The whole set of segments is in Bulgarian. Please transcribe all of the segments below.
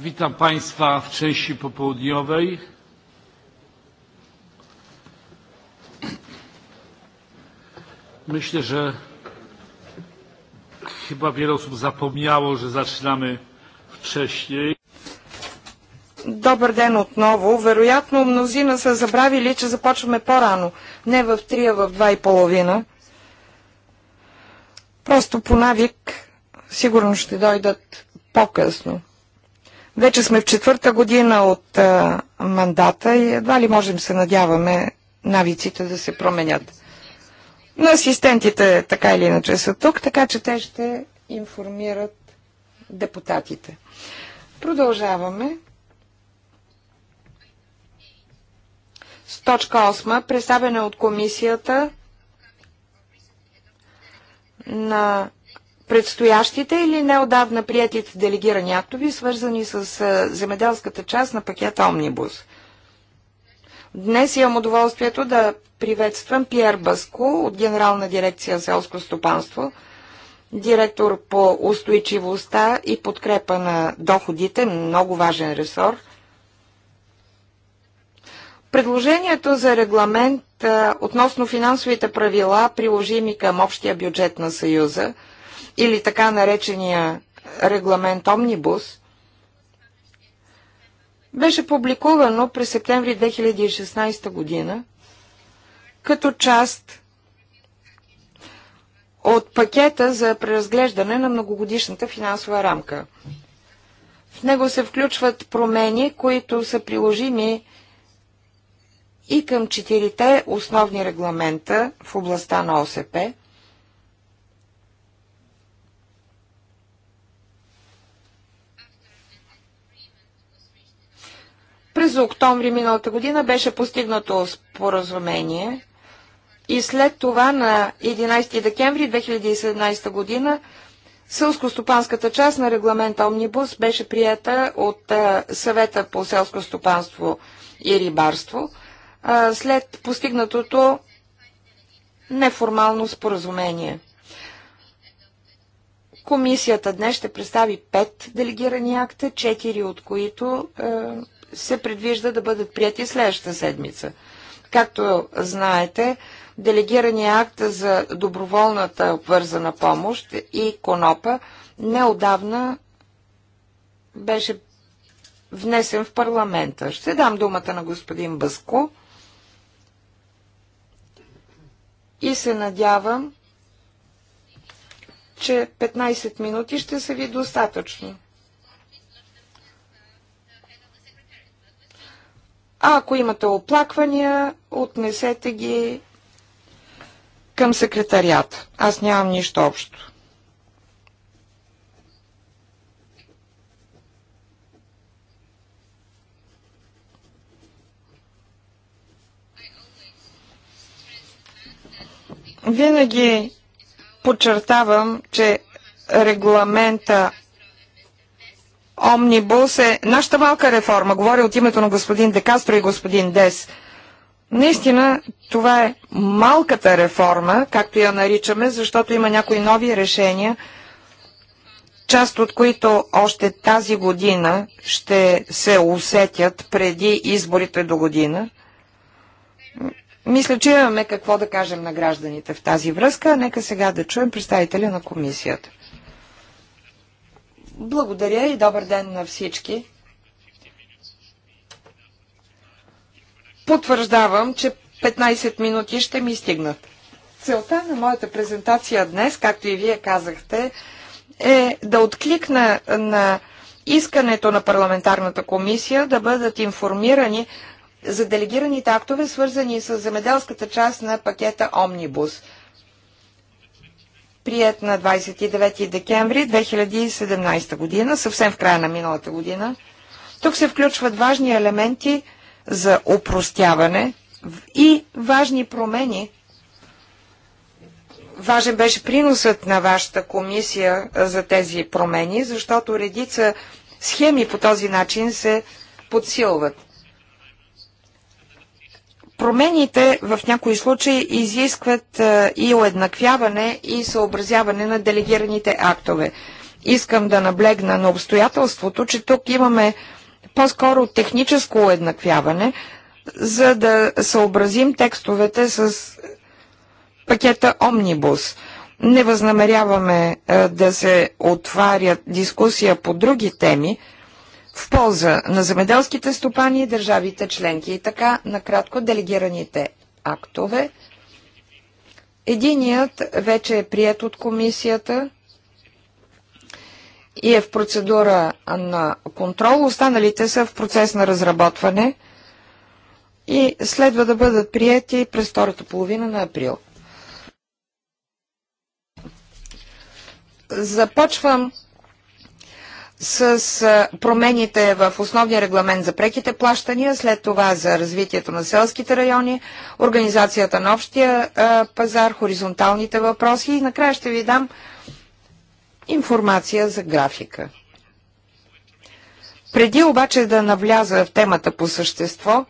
Witam Państwa w części popołudniowej. Myślę, że chyba wiele osób zapomniało, że zaczynamy wcześniej. Добър ден отново. Вероятно мнозина са забравили, че започваме по-рано. Не в 3, а в 2 и половина. Просто по навик сигурно ще дойдат по-късно. Вече сме в четвърта година от а, мандата и едва ли можем се надяваме навиците да се променят. Но асистентите така или иначе са тук, така че те ще информират депутатите. Продължаваме. С точка 8. Представяне от комисията на предстоящите или неодавна приятите делегирани актови, свързани с земеделската част на пакета Омнибус. Днес имам удоволствието да приветствам Пьер Баско от Генерална дирекция селско стопанство, директор по устойчивостта и подкрепа на доходите, много важен ресор. Предложението за регламент относно финансовите правила, приложими към общия бюджет на Съюза – или така наречения регламент Омнибус, беше публикувано през септември 2016 година като част от пакета за преразглеждане на многогодишната финансова рамка. В него се включват промени, които са приложими и към четирите основни регламента в областта на ОСП – През октомври миналата година беше постигнато споразумение и след това на 11 декември 2017 година Сълско-стопанската част на регламент Омнибус беше прията от съвета по селско стопанство и рибарство след постигнатото неформално споразумение. Комисията днес ще представи пет делегирани акта, четири от които се предвижда да бъдат прияти следващата седмица. Както знаете, делегирания акт за доброволната обвързана помощ и Конопа неодавна беше внесен в парламента. Ще дам думата на господин Бъско и се надявам, че 15 минути ще са ви достатъчно. А ако имате оплаквания, отнесете ги към секретарията. Аз нямам нищо общо. Винаги подчертавам, че регламента Омнибус е нашата малка реформа. Говоря от името на господин Декастро и господин Дес. Наистина, това е малката реформа, както я наричаме, защото има някои нови решения, част от които още тази година ще се усетят преди изборите до година. Мисля, че имаме какво да кажем на гражданите в тази връзка. Нека сега да чуем представителя на комисията. Благодаря и добър ден на всички. Потвърждавам, че 15 минути ще ми стигнат. Целта на моята презентация днес, както и вие казахте, е да откликна на искането на парламентарната комисия да бъдат информирани за делегираните актове, свързани с земеделската част на пакета Омнибус – прият на 29 декември 2017 година, съвсем в края на миналата година. Тук се включват важни елементи за упростяване и важни промени. Важен беше приносът на вашата комисия за тези промени, защото редица схеми по този начин се подсилват. Промените в някои случаи изискват е, и уеднаквяване и съобразяване на делегираните актове. Искам да наблегна на обстоятелството, че тук имаме по-скоро техническо уеднаквяване, за да съобразим текстовете с пакета Омнибус. Не възнамеряваме е, да се отваря дискусия по други теми, в полза на земеделските стопани и държавите членки. И така, накратко, делегираните актове. Единият вече е прият от комисията и е в процедура на контрол. Останалите са в процес на разработване и следва да бъдат прияти през втората половина на април. Започвам с промените в основния регламент за преките плащания, след това за развитието на селските райони, организацията на общия пазар, хоризонталните въпроси и накрая ще ви дам информация за графика. Преди обаче да навляза в темата по същество,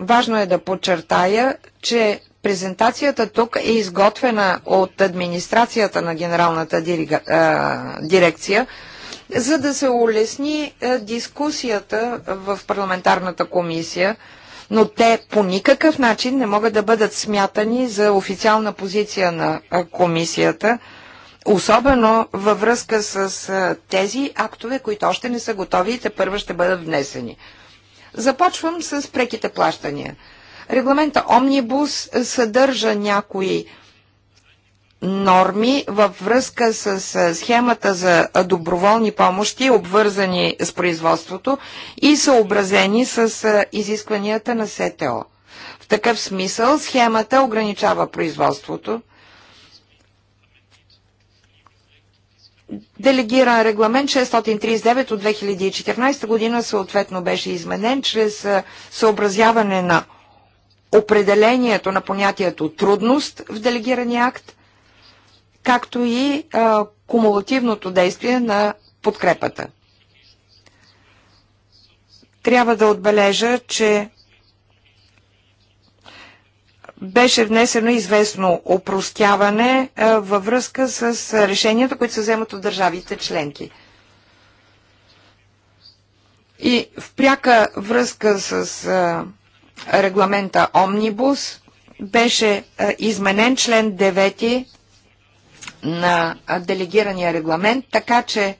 важно е да подчертая, че презентацията тук е изготвена от администрацията на Генералната дирекция, за да се улесни е, дискусията в парламентарната комисия, но те по никакъв начин не могат да бъдат смятани за официална позиция на е, комисията, особено във връзка с е, тези актове, които още не са готови и те първо ще бъдат внесени. Започвам с преките плащания. Регламента Омнибус съдържа някои норми във връзка с схемата за доброволни помощи, обвързани с производството и съобразени с изискванията на СТО. В такъв смисъл схемата ограничава производството. Делегиран регламент 639 от 2014 година съответно беше изменен чрез съобразяване на определението на понятието трудност в делегирания акт както и а, кумулативното действие на подкрепата. Трябва да отбележа, че беше внесено известно опростяване а, във връзка с решенията, които се вземат от държавите членки. И в пряка връзка с а, регламента Омнибус беше а, изменен член 9 на делегирания регламент, така че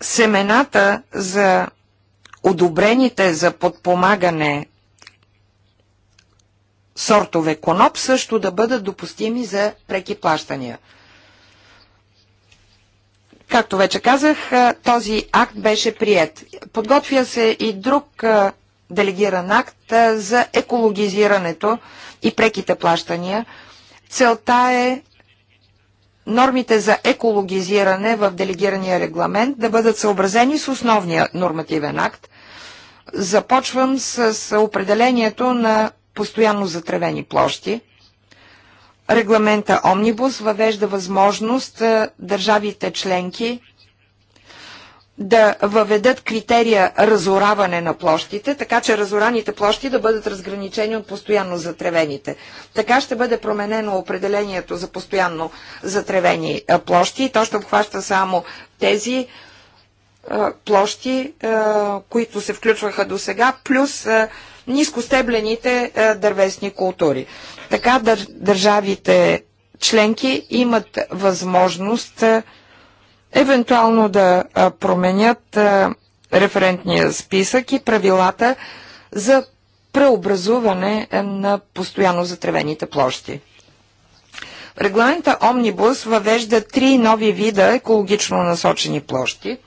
семената за одобрените за подпомагане сортове коноп също да бъдат допустими за преки плащания. Както вече казах, този акт беше прият. Подготвя се и друг делегиран акт за екологизирането и преките плащания – Целта е нормите за екологизиране в делегирания регламент да бъдат съобразени с основния нормативен акт. Започвам с определението на постоянно затревени площи. Регламента Омнибус въвежда възможност е, държавите членки да въведат критерия разораване на площите, така че разораните площи да бъдат разграничени от постоянно затревените. Така ще бъде променено определението за постоянно затревени площи и то ще обхваща само тези площи, които се включваха до сега, плюс нискостеблените дървесни култури. Така държавите членки имат възможност евентуално да променят референтния списък и правилата за преобразуване на постоянно затревените площи. Регламента Омнибус въвежда три нови вида екологично насочени площи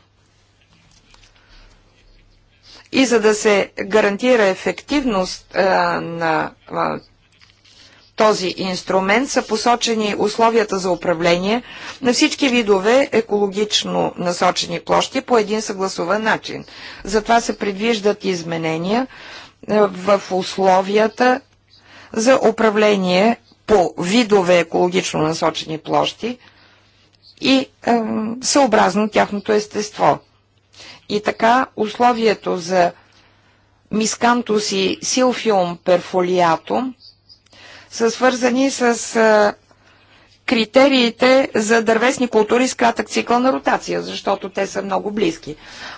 и за да се гарантира ефективност а, на а, този инструмент са посочени условията за управление на всички видове екологично насочени площи по един съгласуван начин. Затова се предвиждат изменения е, в условията за управление по видове екологично насочени площи и е, съобразно тяхното естество. И така условието за мискантус и силфиум перфолиатум са свързани с критериите за дървесни култури с кратък цикъл на ротация, защото те са много близки.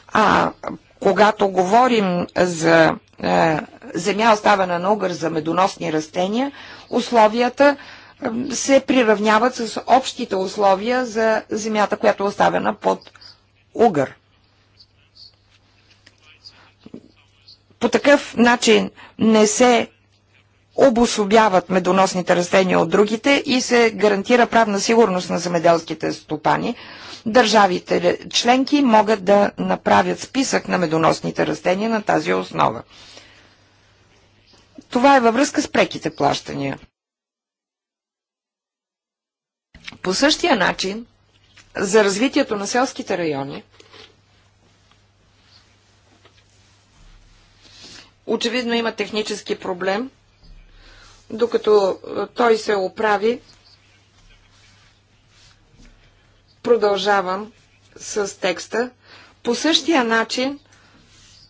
А когато говорим за земя оставена на угър за медоносни растения, условията се приравняват с общите условия за земята, която е оставена под угър. По такъв начин не се обособяват медоносните растения от другите и се гарантира правна сигурност на земеделските стопани. Държавите членки могат да направят списък на медоносните растения на тази основа. Това е във връзка с преките плащания. По същия начин, за развитието на селските райони, очевидно има технически проблем – докато е, той се оправи, продължавам с текста. По същия начин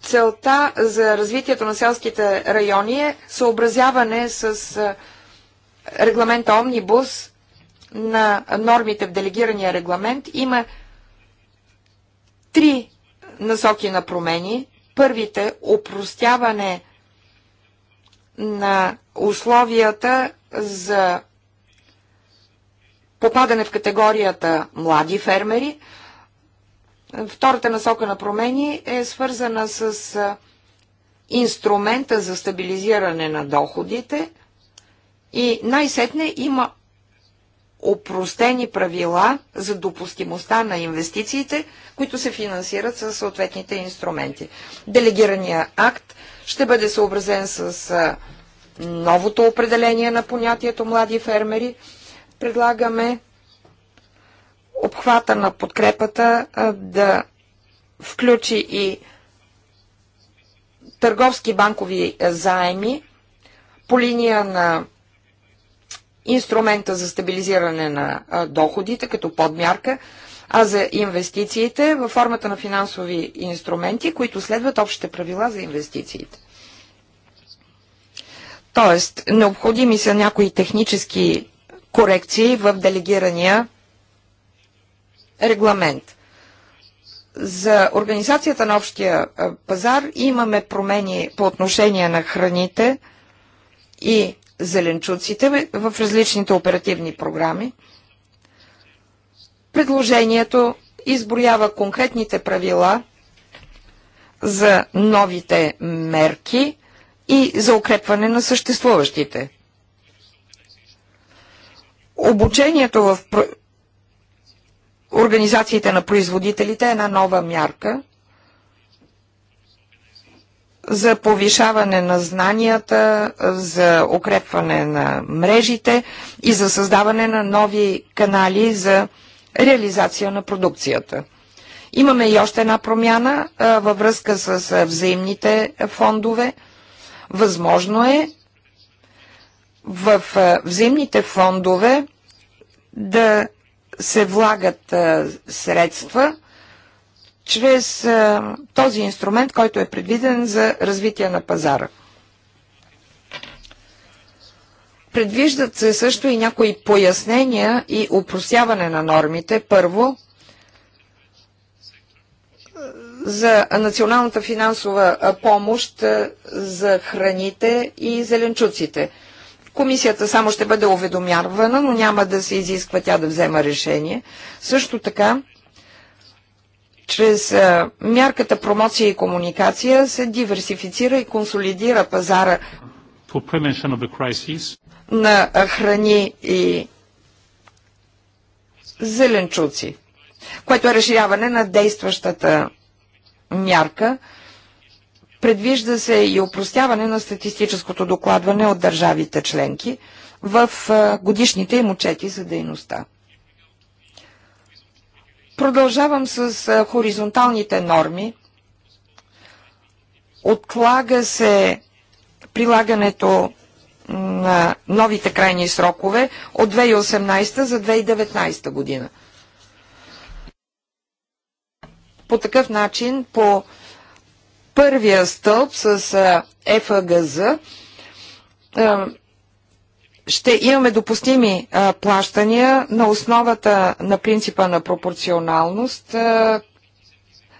целта за развитието на селските райони е съобразяване с е, регламента Омнибус на нормите в делегирания регламент. Има три насоки на промени. Първите – опростяване на условията за попадане в категорията млади фермери. Втората насока на промени е свързана с инструмента за стабилизиране на доходите и най-сетне има опростени правила за допустимостта на инвестициите, които се финансират със съответните инструменти. Делегирания акт ще бъде съобразен с новото определение на понятието млади фермери. Предлагаме обхвата на подкрепата да включи и търговски банкови заеми по линия на инструмента за стабилизиране на доходите като подмярка, а за инвестициите във формата на финансови инструменти, които следват общите правила за инвестициите. Тоест, необходими са някои технически корекции в делегирания регламент. За организацията на общия пазар имаме промени по отношение на храните и зеленчуците в различните оперативни програми. Предложението изброява конкретните правила за новите мерки и за укрепване на съществуващите. Обучението в организациите на производителите е една нова мярка за повишаване на знанията, за укрепване на мрежите и за създаване на нови канали за реализация на продукцията. Имаме и още една промяна а, във връзка с а, взаимните фондове – Възможно е в взаимните фондове да се влагат средства чрез този инструмент, който е предвиден за развитие на пазара. Предвиждат се също и някои пояснения и упростяване на нормите. Първо, за националната финансова помощ за храните и зеленчуците. Комисията само ще бъде уведомявана, но няма да се изисква тя да взема решение. Също така, чрез мярката промоция и комуникация се диверсифицира и консолидира пазара на храни и зеленчуци, което е разширяване на действащата мярка. Предвижда се и упростяване на статистическото докладване от държавите членки в годишните им отчети за дейността. Продължавам с хоризонталните норми. Отлага се прилагането на новите крайни срокове от 2018 за 2019 година. по такъв начин по първия стълб с ФГЗ ще имаме допустими плащания на основата на принципа на пропорционалност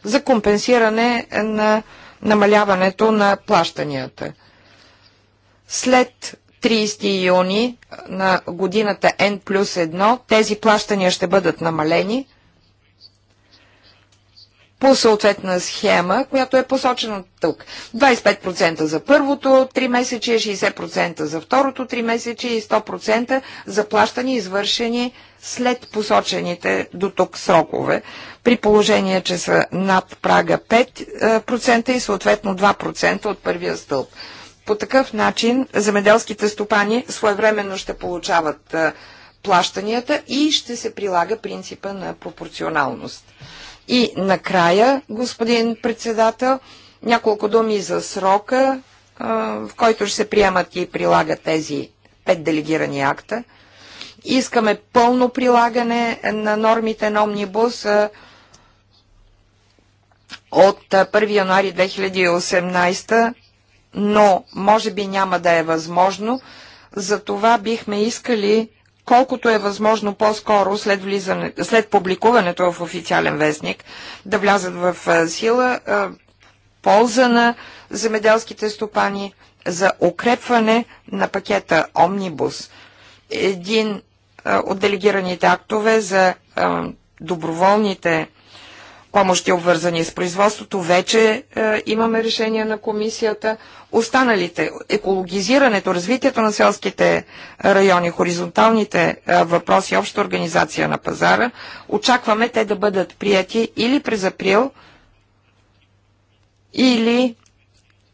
за компенсиране на намаляването на плащанията. След 30 юни на годината N плюс 1 тези плащания ще бъдат намалени – по съответна схема, която е посочена тук. 25% за първото 3 месече, 60% за второто 3 месече и 100% за плащани, извършени след посочените до тук срокове, при положение, че са над прага 5% и съответно 2% от първия стълб. По такъв начин земеделските стопани своевременно ще получават плащанията и ще се прилага принципа на пропорционалност. И накрая, господин председател, няколко думи за срока, в който ще се приемат и прилагат тези пет делегирани акта. Искаме пълно прилагане на нормите на Омнибус от 1 януари 2018, но може би няма да е възможно. Затова бихме искали колкото е възможно по-скоро след, влизане, след публикуването в официален вестник да влязат в сила полза на земеделските стопани за укрепване на пакета Омнибус. Един от делегираните актове за доброволните помощи, обвързани с производството. Вече е, имаме решение на комисията. Останалите, екологизирането, развитието на селските райони, хоризонталните е, въпроси, обща организация на пазара, очакваме те да бъдат прияти или през април, или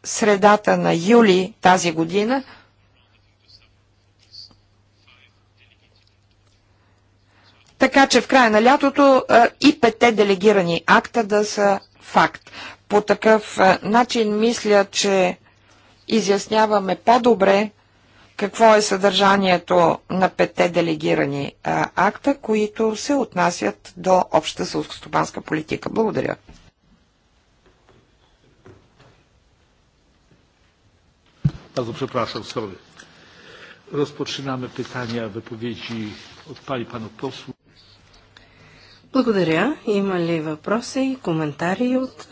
средата на юли тази година – така че в края на лятото и пете делегирани акта да са факт. По такъв начин мисля, че изясняваме по-добре какво е съдържанието на пете делегирани акта, които се отнасят до общата сълскостопанска политика. Благодаря. Bardzo przepraszam, sorry. Rozpoczynamy pytania, wypowiedzi od pani panów posłów. Благодаря. Има ли въпроси и коментари от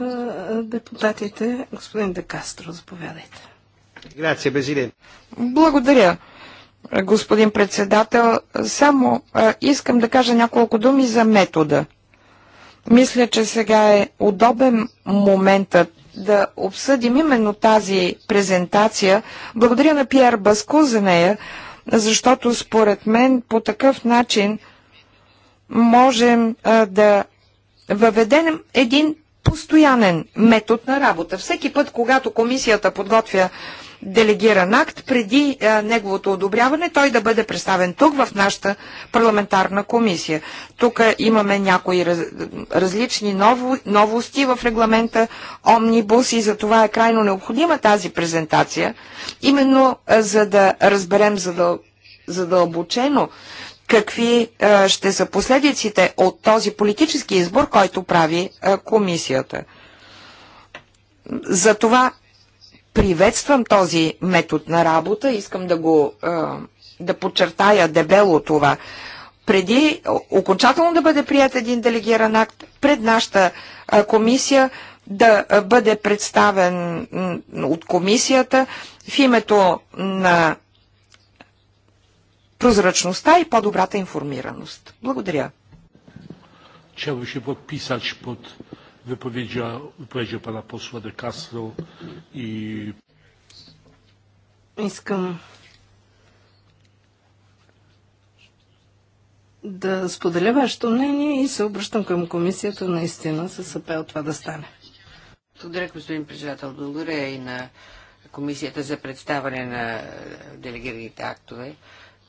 депутатите? Господин Декастро, заповядайте. Грация, президент. Благодаря, господин председател. Само искам да кажа няколко думи за метода. Мисля, че сега е удобен моментът да обсъдим именно тази презентация. Благодаря на Пиер Баско за нея, защото според мен по такъв начин – можем а, да въведем един постоянен метод на работа. Всеки път, когато комисията подготвя делегиран акт, преди а, неговото одобряване, той да бъде представен тук в нашата парламентарна комисия. Тук имаме някои раз, различни ново, новости в регламента Омнибус и за това е крайно необходима тази презентация, именно а, за да разберем задъл, задълбочено какви ще са последиците от този политически избор, който прави комисията. Затова приветствам този метод на работа, искам да го да подчертая дебело това. Преди окончателно да бъде прият един делегиран акт, пред нашата комисия да бъде представен от комисията в името на прозрачността и по-добрата информираност. Благодаря. Chciałbym się podpisać pod wypowiedzią pana posła De Castro i... Искам да споделя вашето мнение и се обръщам към комисията наистина с апел това да стане. Благодаря, господин председател. Благодаря и на комисията за представане на делегираните актове.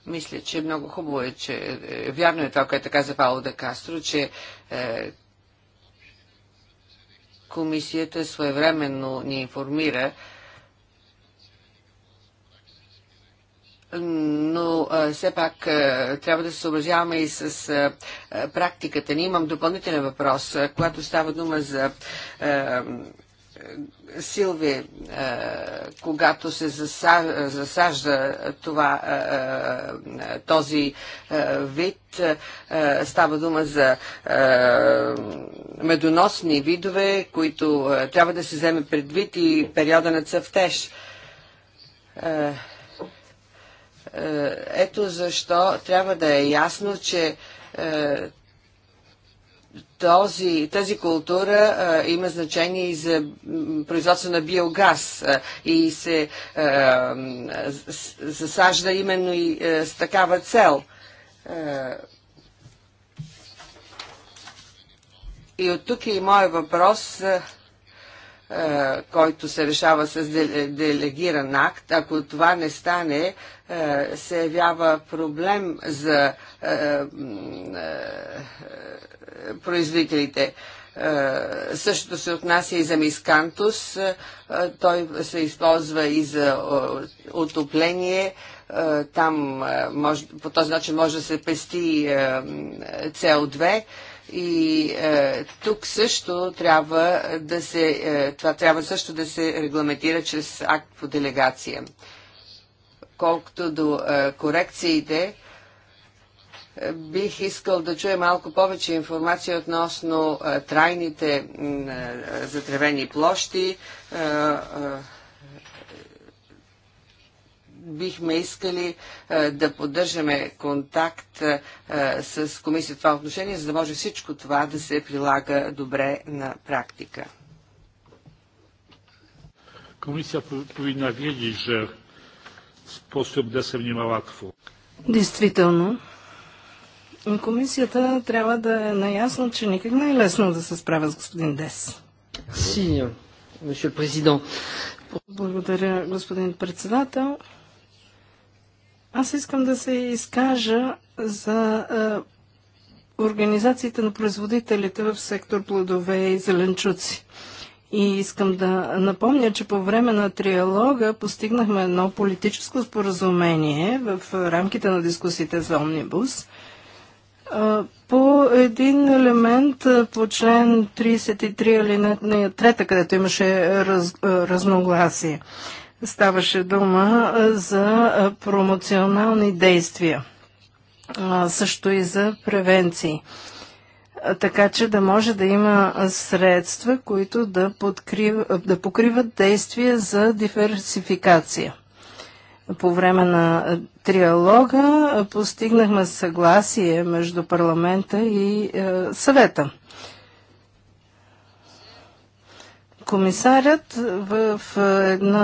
Мисля, че е много хубаво е, че е, вярно е това, което каза Пауло да Кастро, че е, комисията своевременно ни информира, но е, все пак е, трябва да се съобразяваме и с е, е практиката ни. Имам допълнителен въпрос, е, когато става дума за Силви, е, когато се засажда това, е, е, този вид, става дума за медоносни видове, които трябва да се вземе предвид и периода на цъфтеж. Ето защо трябва да е ясно, че този, тази култура а, има значение и за производство на биогаз а, и се а, засажда именно и а, с такава цел. А, и от тук е и моят въпрос. А, е, който се решава с делегиран акт, ако това не стане, е, се явява проблем за е, производителите. Същото се отнася и за мискантус. Той се използва и за отопление. Там може, по този начин може да се пести CO2 и е, тук също трябва да се, е, това трябва също да се регламентира чрез акт по делегация. Колкото до е, корекциите, е, бих искал да чуя малко повече информация относно е, трайните е, затревени площи бихме искали е, да поддържаме контакт е, с комисията в това отношение, за да може всичко това да се прилага добре на практика. Комисия повинна види, че способ да се внима латво. Действително. Комисията трябва да е наясно, че никак не е лесно да се справя с господин Дес. Си, Благодаря, господин председател. Аз искам да се изкажа за е, организацията на производителите в сектор плодове и зеленчуци. И искам да напомня, че по време на триалога постигнахме едно политическо споразумение в рамките на дискусите за Омнибус е, по един елемент е, по член 33 или 3, където имаше раз, е, разногласие. Ставаше дума за промоционални действия, също и за превенции така че да може да има средства, които да, подкрив... да покриват действия за диверсификация. По време на триалога постигнахме съгласие между парламента и е, съвета. Комисарят в едно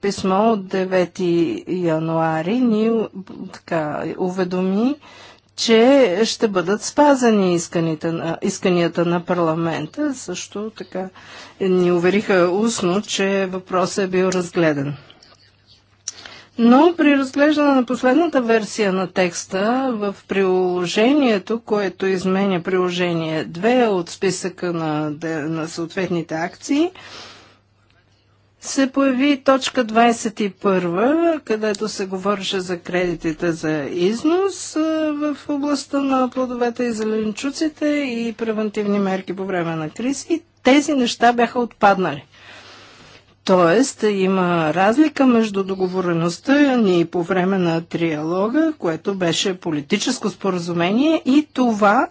писмо от 9 януари ни така, уведоми, че ще бъдат спазани на, исканията на парламента. Също така ни увериха устно, че въпросът е бил разгледан. Но при разглеждане на последната версия на текста в приложението, което изменя приложение 2 от списъка на, на съответните акции, се появи точка 21, където се говореше за кредитите за износ в областта на плодовете и зеленчуците и превентивни мерки по време на кризи. Тези неща бяха отпаднали. Тоест, има разлика между договореността ни по време на триалога, което беше политическо споразумение, и това,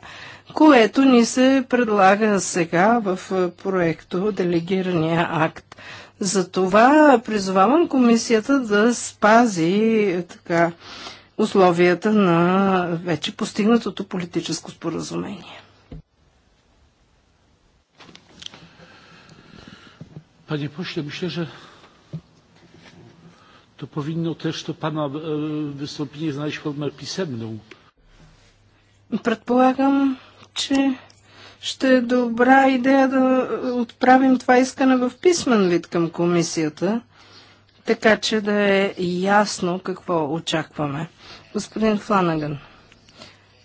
което ни се предлага сега в е, проекто Делегирания акт. Затова призовавам комисията да спази е, така, условията на вече постигнатото политическо споразумение. Panie pośle, myślę, że to powinno też to pana e, wystąpienie znaleźć formę pisemną. Предполагам, че ще е добра идея да отправим това искане в писмен вид към комисията, така че да е ясно какво очакваме. Господин Фланаган.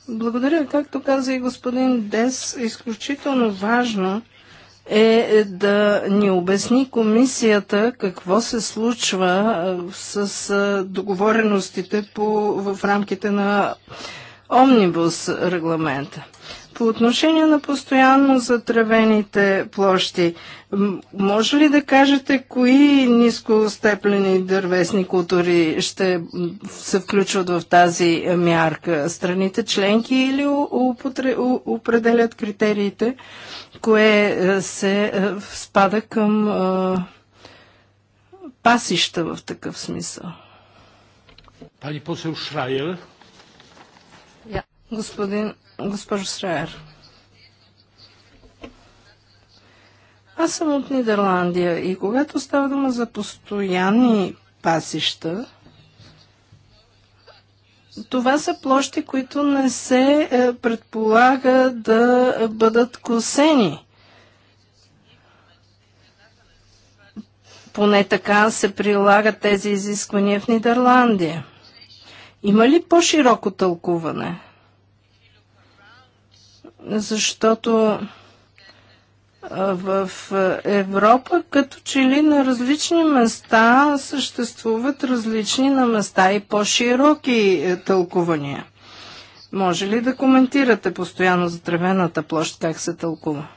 Благодаря. Както каза и господин Дес, изключително важно е, е да ни обясни комисията какво се случва е, с е, договореностите по, в рамките на Омнибус регламента. По отношение на постоянно затравените площи, може ли да кажете кои нискостеплени дървесни култури ще се включват в тази мярка? Страните членки или определят критериите, кое е, се е, спада към е, пасища в такъв смисъл? Пани посел Шрайер. Господин Госпожо Сраер. Аз съм от Нидерландия и когато става дума за постоянни пасища, това са площи, които не се е, предполага да бъдат косени. Поне така се прилагат тези изисквания в Нидерландия. Има ли по-широко тълкуване? защото в Европа, като че ли на различни места съществуват различни на места и по-широки е, тълкувания. Може ли да коментирате постоянно за тревената площ, как се тълкува?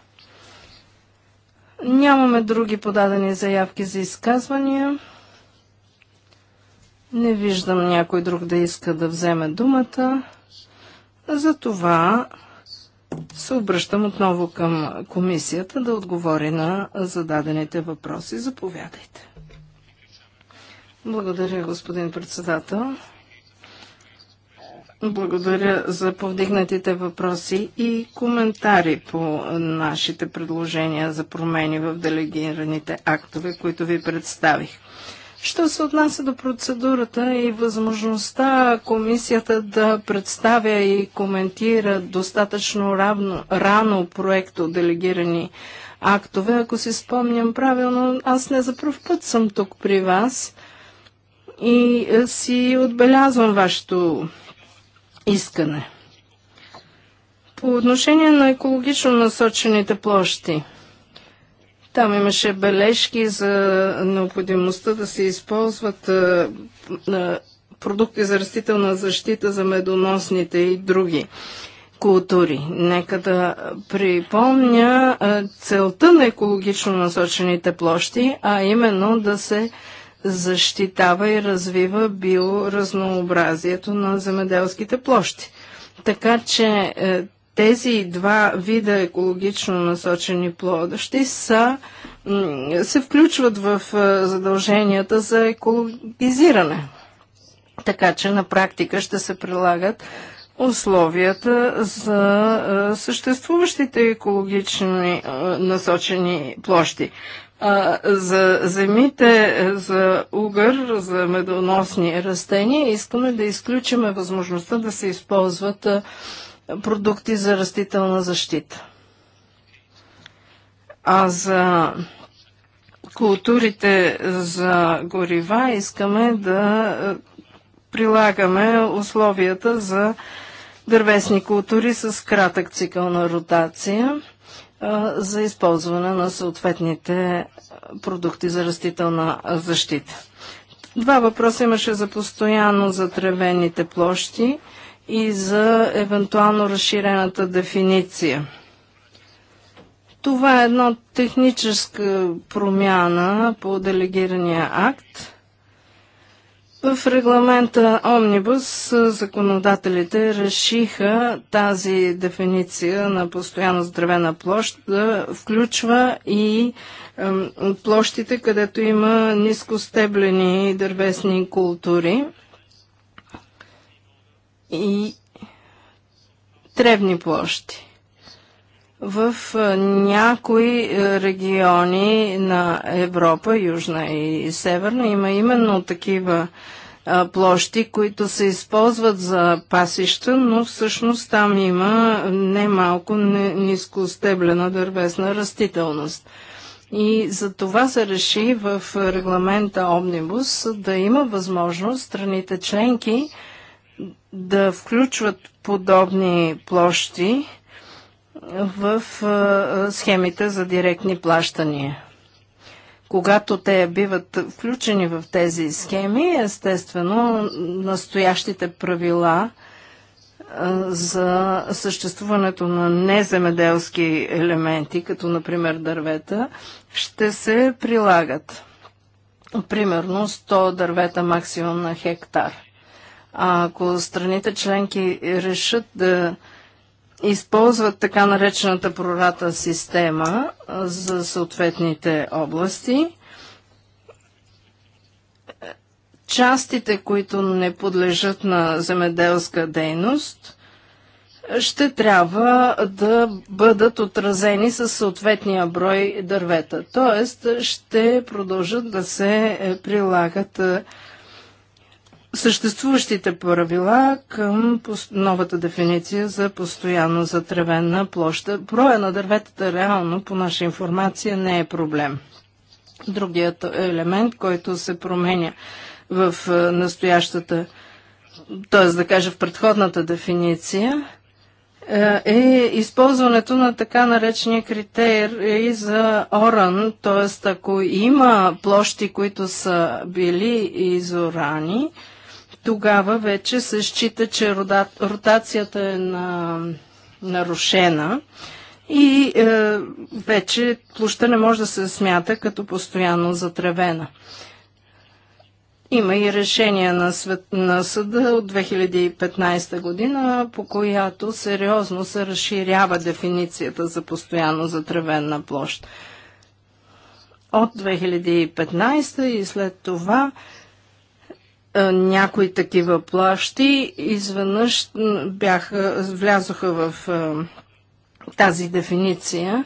Нямаме други подадени заявки за изказвания. Не виждам някой друг да иска да вземе думата. Затова се обръщам отново към комисията да отговори на зададените въпроси. Заповядайте. Благодаря, господин председател. Благодаря за повдигнатите въпроси и коментари по нашите предложения за промени в делегираните актове, които ви представих. Що се отнася до процедурата и възможността комисията да представя и коментира достатъчно равно, рано проекто делегирани актове, ако си спомням правилно, аз не за първ път съм тук при вас и е, си отбелязвам вашето искане. По отношение на екологично насочените площи – там имаше бележки за необходимостта да се използват е, е, продукти за растителна защита за медоносните и други култури. Нека да припомня е, целта на екологично насочените площи, а именно да се защитава и развива биоразнообразието на земеделските площи. Така че тези два вида екологично насочени плодъщи са, се включват в задълженията за екологизиране. Така че на практика ще се прилагат условията за съществуващите екологични насочени площи. за земите, за угър, за медоносни растения искаме да изключиме възможността да се използват продукти за растителна защита. А за културите за горива искаме да е, прилагаме условията за дървесни култури с кратък цикъл на ротация е, за използване на съответните продукти за растителна защита. Два въпроса имаше за постоянно затревените площи и за евентуално разширената дефиниция. Това е една техническа промяна по делегирания акт. В регламента Омнибус законодателите решиха тази дефиниция на постоянно здравена площ да включва и площите, където има нискостеблени дървесни култури и тревни площи. В някои региони на Европа, Южна и Северна, има именно такива площи, които се използват за пасища, но всъщност там има немалко нискостеблена дървесна растителност. И за това се реши в регламента Омнибус да има възможност страните членки да включват подобни площи в схемите за директни плащания. Когато те биват включени в тези схеми, естествено, настоящите правила за съществуването на неземеделски елементи, като например дървета, ще се прилагат. Примерно 100 дървета максимум на хектар. А ако страните членки решат да използват така наречената прората система за съответните области, частите, които не подлежат на земеделска дейност, ще трябва да бъдат отразени с съответния брой дървета. Тоест, ще продължат да се прилагат съществуващите правила към новата дефиниция за постоянно затревена площа. Броя на дърветата реално, по наша информация, не е проблем. Другият елемент, който се променя в е, настоящата, т.е. да кажа в предходната дефиниция, е, е използването на така наречения и за оран, т.е. ако има площи, които са били изорани, тогава вече се счита, че ротацията е на, нарушена и е, вече площа не може да се смята като постоянно затревена. Има и решение на, свет, на съда от 2015 година, по която сериозно се разширява дефиницията за постоянно затревена площ. От 2015 и след това е, е, някои такива плащи изведнъж бяха, влязоха в е, тази дефиниция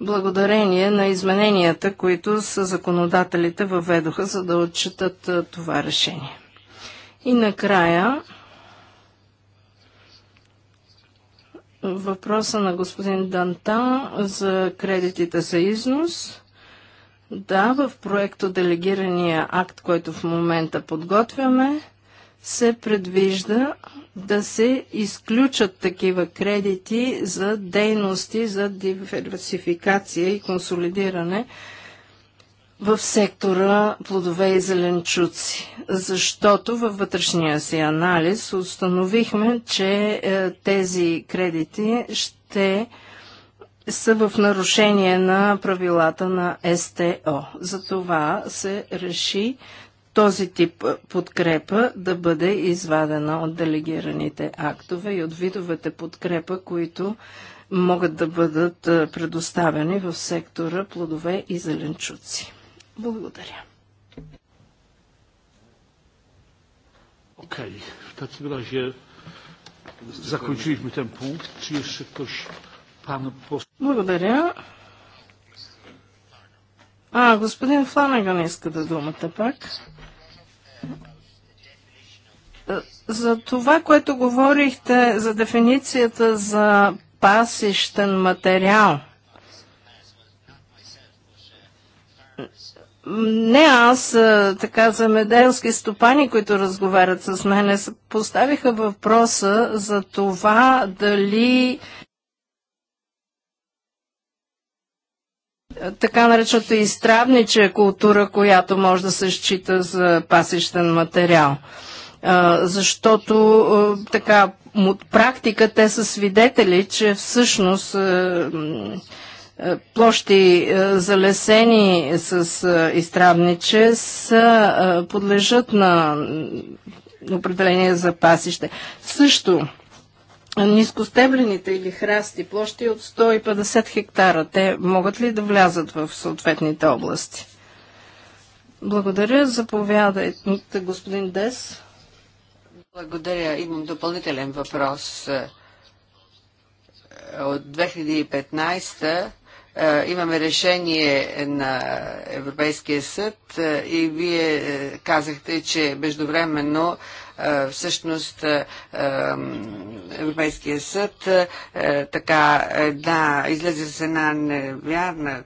благодарение на измененията, които са законодателите въведоха, за да отчитат е, това решение. И накрая въпроса на господин Дантан за кредитите за износ. Да, в проекто делегирания акт, който в момента подготвяме, се предвижда да се изключат такива кредити за дейности за диверсификация и консолидиране в сектора плодове и зеленчуци, защото във вътрешния си анализ установихме, че е, тези кредити ще са в нарушение на правилата на СТО. Затова се реши този тип подкрепа да бъде извадена от делегираните актове и от видовете подкрепа, които могат да бъдат предоставени в сектора плодове и зеленчуци. Благодаря. Okej, okay. w takim razie zakończyliśmy ten punkt. Czy jeszcze ktoś благодаря. А, господин Фланаган иска да думата пак. Е, за това, което говорихте за дефиницията за пасищен материал. Не аз, е, така замеделски стопани, които разговарят с мене, поставиха въпроса за това дали така наречената изтравнича е култура, която може да се счита за пасищен материал. Защото така от практика те са свидетели, че всъщност площи залесени с изтравниче са, подлежат на определение за пасище. Също нискостеблените или храсти площи от 150 хектара. Те могат ли да влязат в съответните области? Благодаря. Заповядайте, господин Дес. Благодаря. Имам допълнителен въпрос. От 2015 е, имаме решение на Европейския съд е, и вие е, казахте, че междувременно всъщност Европейския съд така да, излезе с една невярна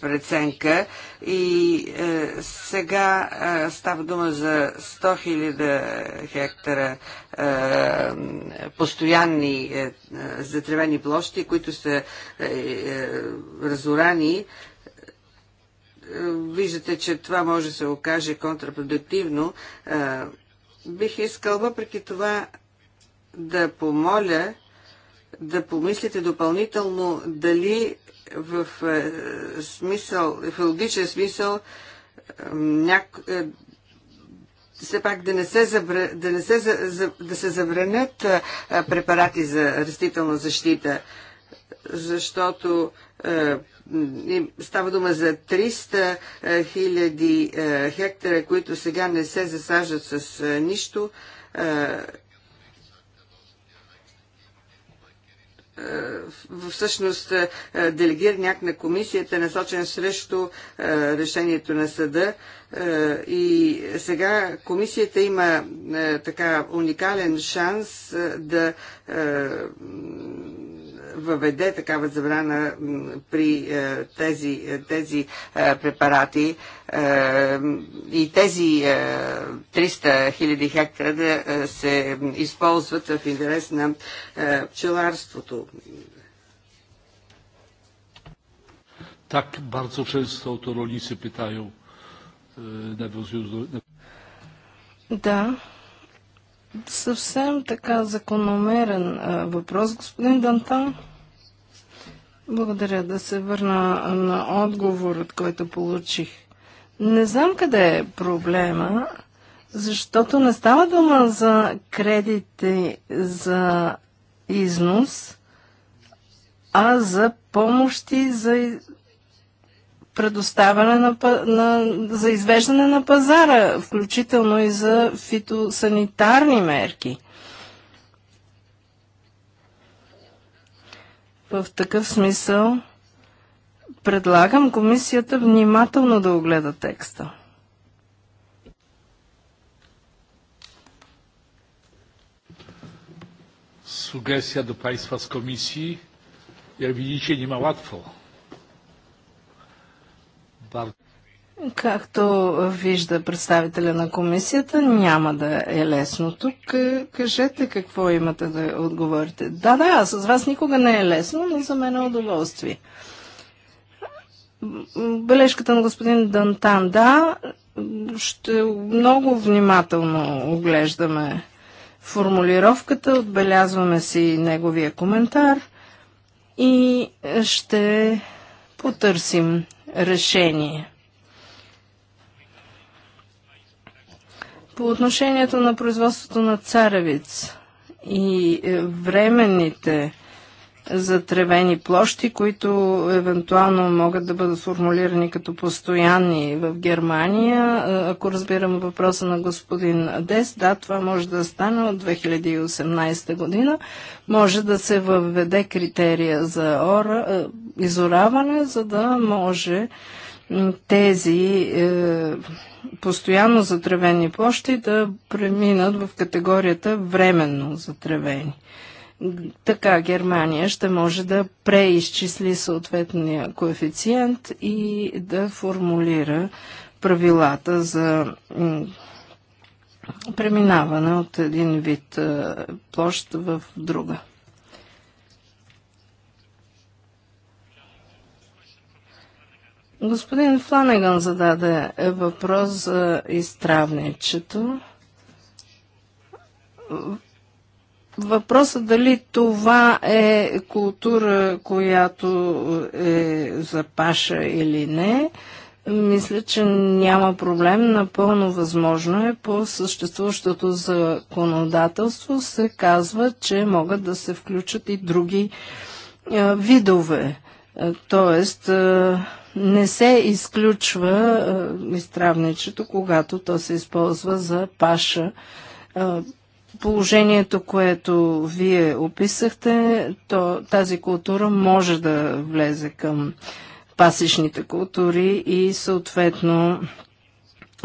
преценка и е, сега е, става дума за 100 000 хектара е, постоянни е, затревени площи, които са е, е, разорани виждате, че това може да се окаже контрапродуктивно. Бих искал въпреки това да помоля да помислите допълнително дали в смисъл, в логичен смисъл няко... все пак да не се, забра... да не се, за... да се забранят препарати за растителна защита, защото е, става дума за 300 е, хиляди е, хектара, които сега не се засаждат с нищо. всъщност делегир някак на комисията, насочен срещу решението на съда. И сега комисията има така уникален шанс да въведе такава забрана при е, тези, е, тези е, препарати и тези 300 000 хектара да се използват в интерес на пчеларството. Так, bardzo często to rolnicy pytają, e, nawiązując do... Да, съвсем така закономерен въпрос, господин Дантан. Благодаря да се върна на отговор, от който получих. Не знам къде е проблема, защото не става дума за кредити за износ, а за помощи за предоставяне на, на, за извеждане на пазара, включително и за фитосанитарни мерки. В такъв смисъл предлагам комисията внимателно да огледа текста. Сугестия до Państwa с комисии, я widzicie, няма ma Както вижда представителя на комисията, няма да е лесно тук. Кажете какво имате да отговорите. Да, да, с вас никога не е лесно, но за мен е удоволствие. Бележката на господин Дантан, да, ще много внимателно оглеждаме формулировката, отбелязваме си неговия коментар и ще потърсим решение. По отношението на производството на царевиц и е, временните затревени площи, които евентуално могат да бъдат формулирани като постоянни в Германия. Ако разбирам въпроса на господин Дес, да, това може да стане от 2018 година. Може да се въведе критерия за ора, изораване, за да може тези е, постоянно затревени площи да преминат в категорията временно затревени. Така Германия ще може да преизчисли съответния коефициент и да формулира правилата за преминаване от един вид площ в друга. Господин Фланеган зададе въпрос за изтравничето. Въпросът дали това е култура, която е за паша или не, мисля, че няма проблем. Напълно възможно е по съществуващото законодателство се казва, че могат да се включат и други видове. Тоест, не се изключва изтравничето, когато то се използва за паша положението, което вие описахте, то тази култура може да влезе към пасечните култури и съответно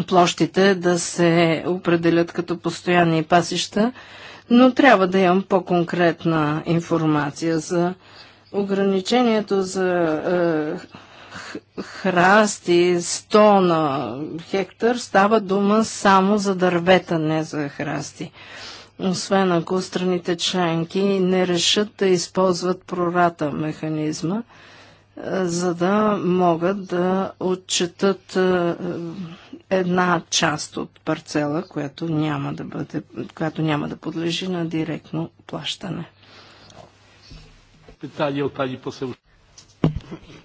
площите да се определят като постоянни пасища, но трябва да имам по-конкретна информация за ограничението за е, храсти 100 на хектар. Става дума само за дървета, не за храсти освен ако страните членки не решат да използват прората механизма, е, за да могат да отчетат е, една част от парцела, която няма да, бъде, която няма да подлежи на директно плащане.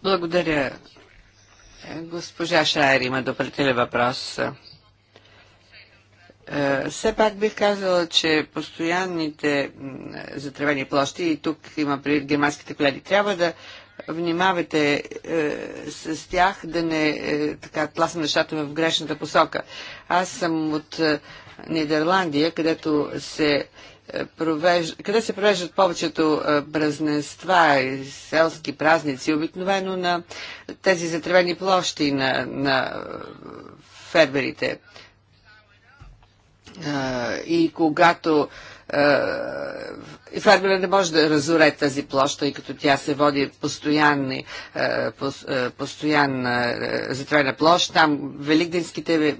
Благодаря. Госпожа Шайер има допълнителен въпрос. Е, все пак бих казала, че постоянните затревени площи, и тук има при германските коледи, трябва да внимавате е, с тях, да не е, така тласна нещата в грешната посока. Аз съм от е, Нидерландия, където се е, провежда, къде се провеждат повечето празненства е, и селски празници, обикновено на тези затревени площи на, на ферберите. Е, и когато фермера не може да разоре тази площ, тъй като тя се води постоянни, постоянна затворена площ. Там великденските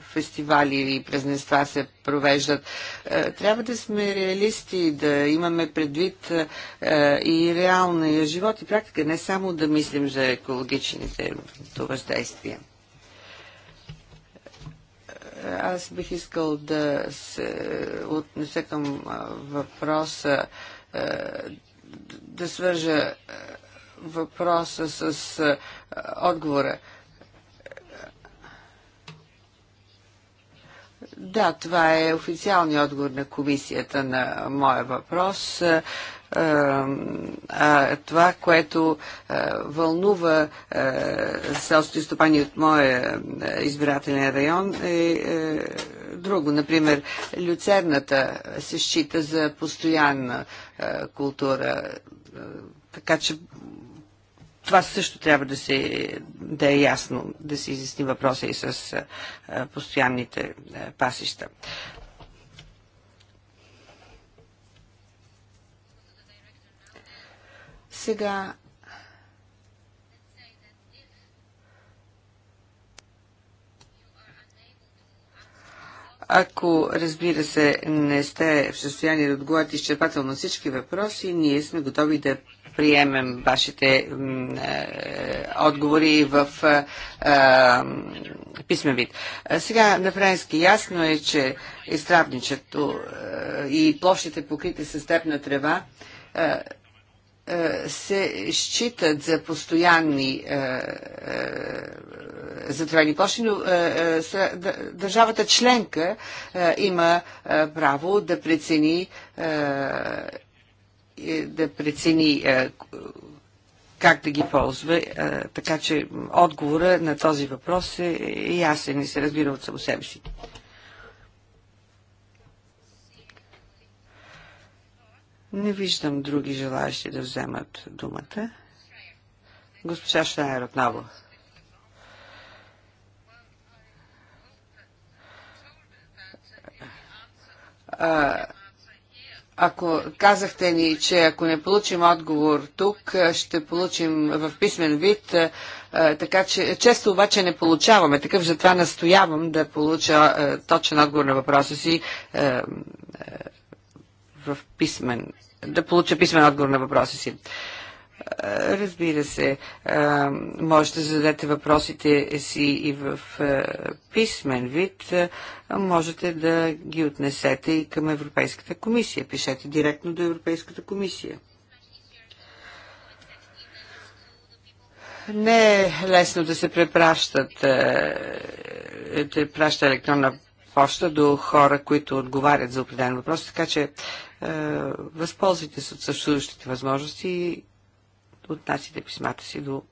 фестивали и празненства се провеждат. Трябва да сме реалисти, да имаме предвид и реалния живот и практика, не само да мислим за екологичните въздействия. Аз бих искал да се отнеса към въпроса, да свържа въпроса с отговора. Да, това е официалният отговор на комисията на моя въпрос а, това, което а, вълнува селските стопани от моя избирателен район е а, е, друго. Например, люцерната се счита за постоянна а, култура. А, така че това също трябва да, се, да е ясно, да се изясни въпроса и с а, постоянните а, пасища. Сега Ако, разбира се, не сте в състояние да отговорите изчерпателно всички въпроси, ние сме готови да приемем вашите е, отговори в е, е, писмен вид. Сега на френски ясно е, че изтравничето е, и площите покрити с степна трева е, е, се считат за постоянни е, е, затворени площи, но държавата членка има право да прецени да прецени как да ги ползва. Така че отговора на този въпрос е ясен и се разбира от само себе си. Не виждам други желаящи да вземат думата. Госпожа Шнайер отново. А, ако казахте ни, че ако не получим отговор тук, ще получим в писмен вид, така че често обаче не получаваме такъв, затова настоявам да получа точен отговор на въпроса си в писмен да получа писмен отговор на въпроса си. Разбира се, можете да зададете въпросите си и в писмен вид. Можете да ги отнесете и към Европейската комисия. Пишете директно до Европейската комисия. Не е лесно да се препращат да праща електронна поща до хора, които отговарят за определен въпрос, така че е, възползвайте се от съществуващите възможности и отнасяйте писмата си до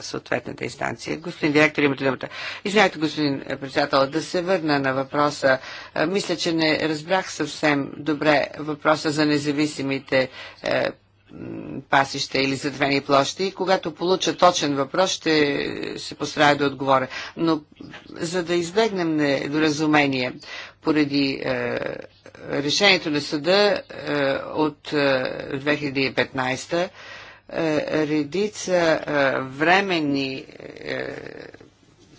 съответната инстанция. Господин директор, имате думата. Извинявайте, господин председател, да се върна на въпроса. Е, мисля, че не разбрах съвсем добре въпроса за независимите е, пасища или затвени площи и когато получа точен въпрос, ще се постарая да отговоря. Но за да избегнем недоразумение поради е, решението на съда е, от е, 2015 е, редица е, временни е,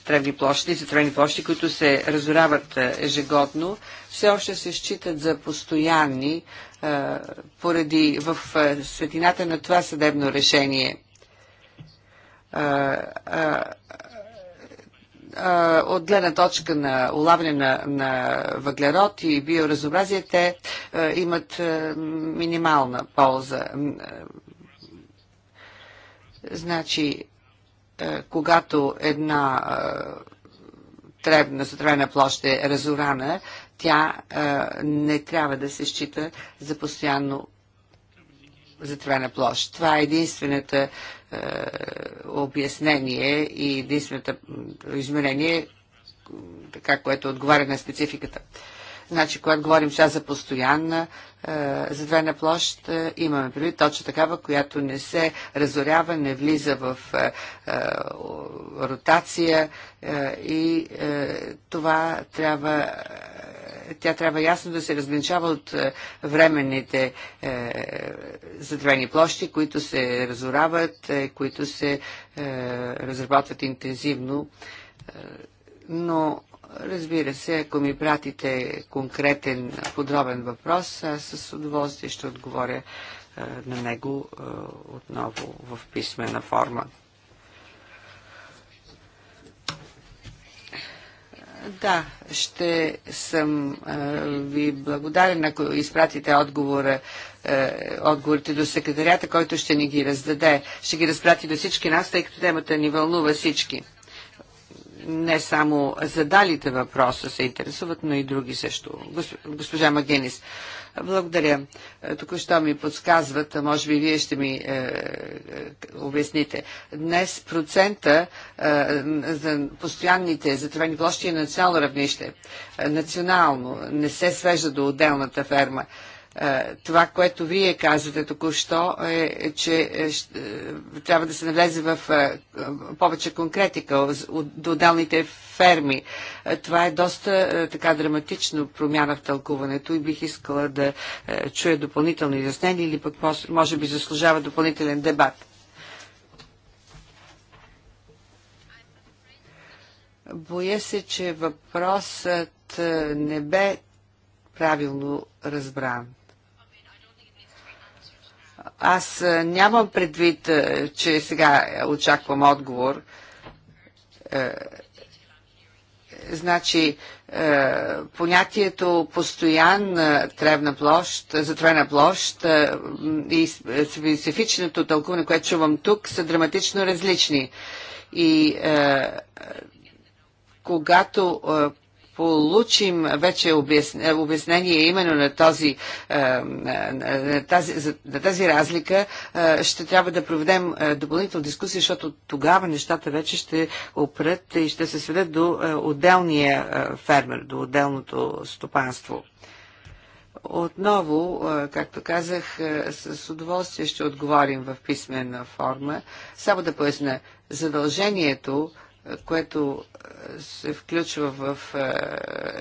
тревни площи, затвени площи, които се разорават е, ежегодно, все още се считат за постоянни поради в светината на това съдебно решение от гледна точка на улавне на, на въглерод и биоразобразие, те имат минимална полза. Значи, когато една тревна затревена площ е разорана, тя не трябва да се счита за постоянно затворена площ. Това е единствената а, обяснение и единствената измерение, така, което отговаря на спецификата. Значи, когато говорим сега за постоянна е, затворена площ, е, имаме предвид точно такава, която не се разорява, не влиза в е, е, ротация е, и е, това трябва тя трябва ясно да се разграничава от е, временните е, затворени площи, които се разорават, е, които се е, разработват интензивно. Е, но, разбира се, ако ми пратите конкретен, подробен въпрос, аз с удоволствие ще отговоря е, на него отново в писмена форма. Да, ще съм ви благодарен, ако изпратите отговора, отговорите до секретарята, който ще ни ги раздаде. Ще ги разпрати до всички нас, тъй като темата ни вълнува всички. Не само задалите въпроса се интересуват, но и други също. Госпожа Магенис. Благодаря. Току-що ми подсказват, а може би вие ще ми е, е, обясните. Днес процента е, за постоянните затворени площи е национално равнище. Е, национално не се свежда до отделната ферма. Е, е, това, което вие казвате току-що, е, е че е, трябва да се навлезе в повече конкретика до отделните ферми. Това е доста така драматично промяна в тълкуването и бих искала да чуя допълнително изяснение или пък може би заслужава допълнителен дебат. Боя се, че въпросът не бе правилно разбран. Аз нямам предвид, че сега очаквам отговор. Значи, понятието постоянна тревна площ, затворена площ и специфичното тълкуване, което чувам тук, са драматично различни. И когато получим вече е, обяснение именно на, тази, е, е, на, тази, на тази разлика, ще трябва да проведем допълнителна дискусия, защото тогава нещата вече ще опрат и ще се сведат до отделния фермер, до отделното стопанство. Отново, както казах, с удоволствие ще отговорим в писмена форма. Само да поясня задължението, което се включва в е,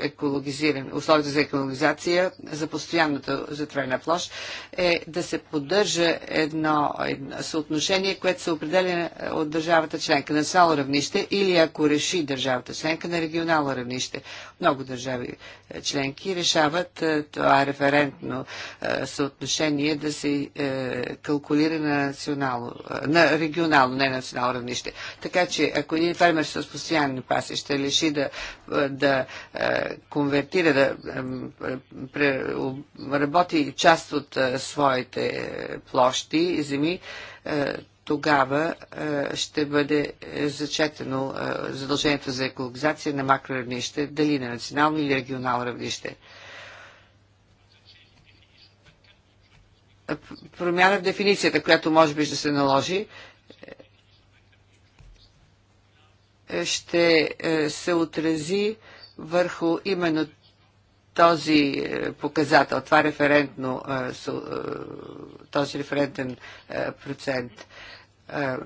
екологизиране условията за екологизация, за постоянната затворена площ, е да се поддържа едно, едно съотношение, което се определя е, от държавата членка на национално равнище или ако реши държавата членка на регионално равнище. Много държави е, членки решават това референтно съотношение да се калкулира на, национално, на регионално, не национално равнище. Така че, ако един фермер с постоянно запаси, ще реши да, да е, конвертира, да е, работи част от е, своите площи и земи, тогава ще бъде зачетено задължението за екологизация на макроравнище, дали на национално или регионално равнище. Промяна в дефиницията, която може би ще се наложи, ще е, се отрази върху именно този е, показател, това референтно, е, този референтен процент.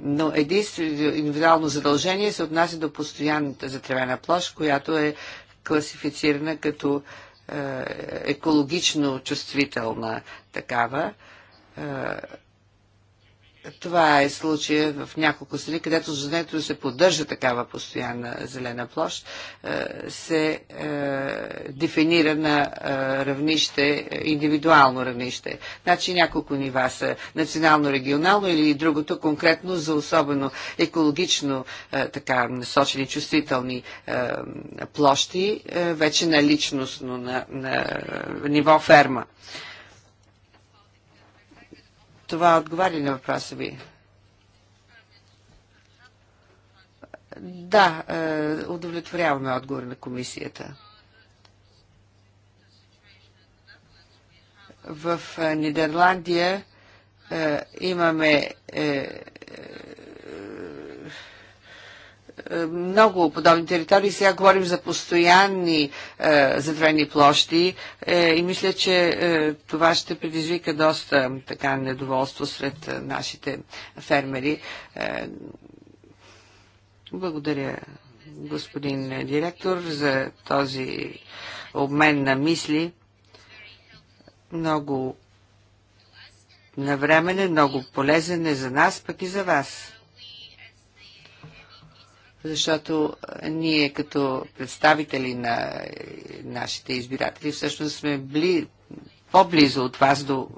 Но единственото индивидуално задължение се отнася до постоянната затревена площ, която е класифицирана като екологично чувствителна такава това е случая в няколко страни, където задължението да се поддържа такава постоянна зелена площ, е, се е, дефинира на е, равнище, индивидуално равнище. Значи няколко нива са национално, регионално или другото конкретно за особено екологично така насочени чувствителни площи, вече на личностно, на, на ниво ферма. Това отговаря на въпроса ви? Да, е, удовлетворяваме отговор на комисията. В е, Нидерландия е, имаме е, много подобни територии. Сега говорим за постоянни е, затворени площи е, и мисля, че е, това ще предизвика доста така недоволство сред е, нашите фермери. Е, благодаря, господин директор, за този обмен на мисли. Много навременен, много полезен е за нас, пък и за вас защото ние като представители на е, нашите избиратели всъщност сме бли, по-близо от вас до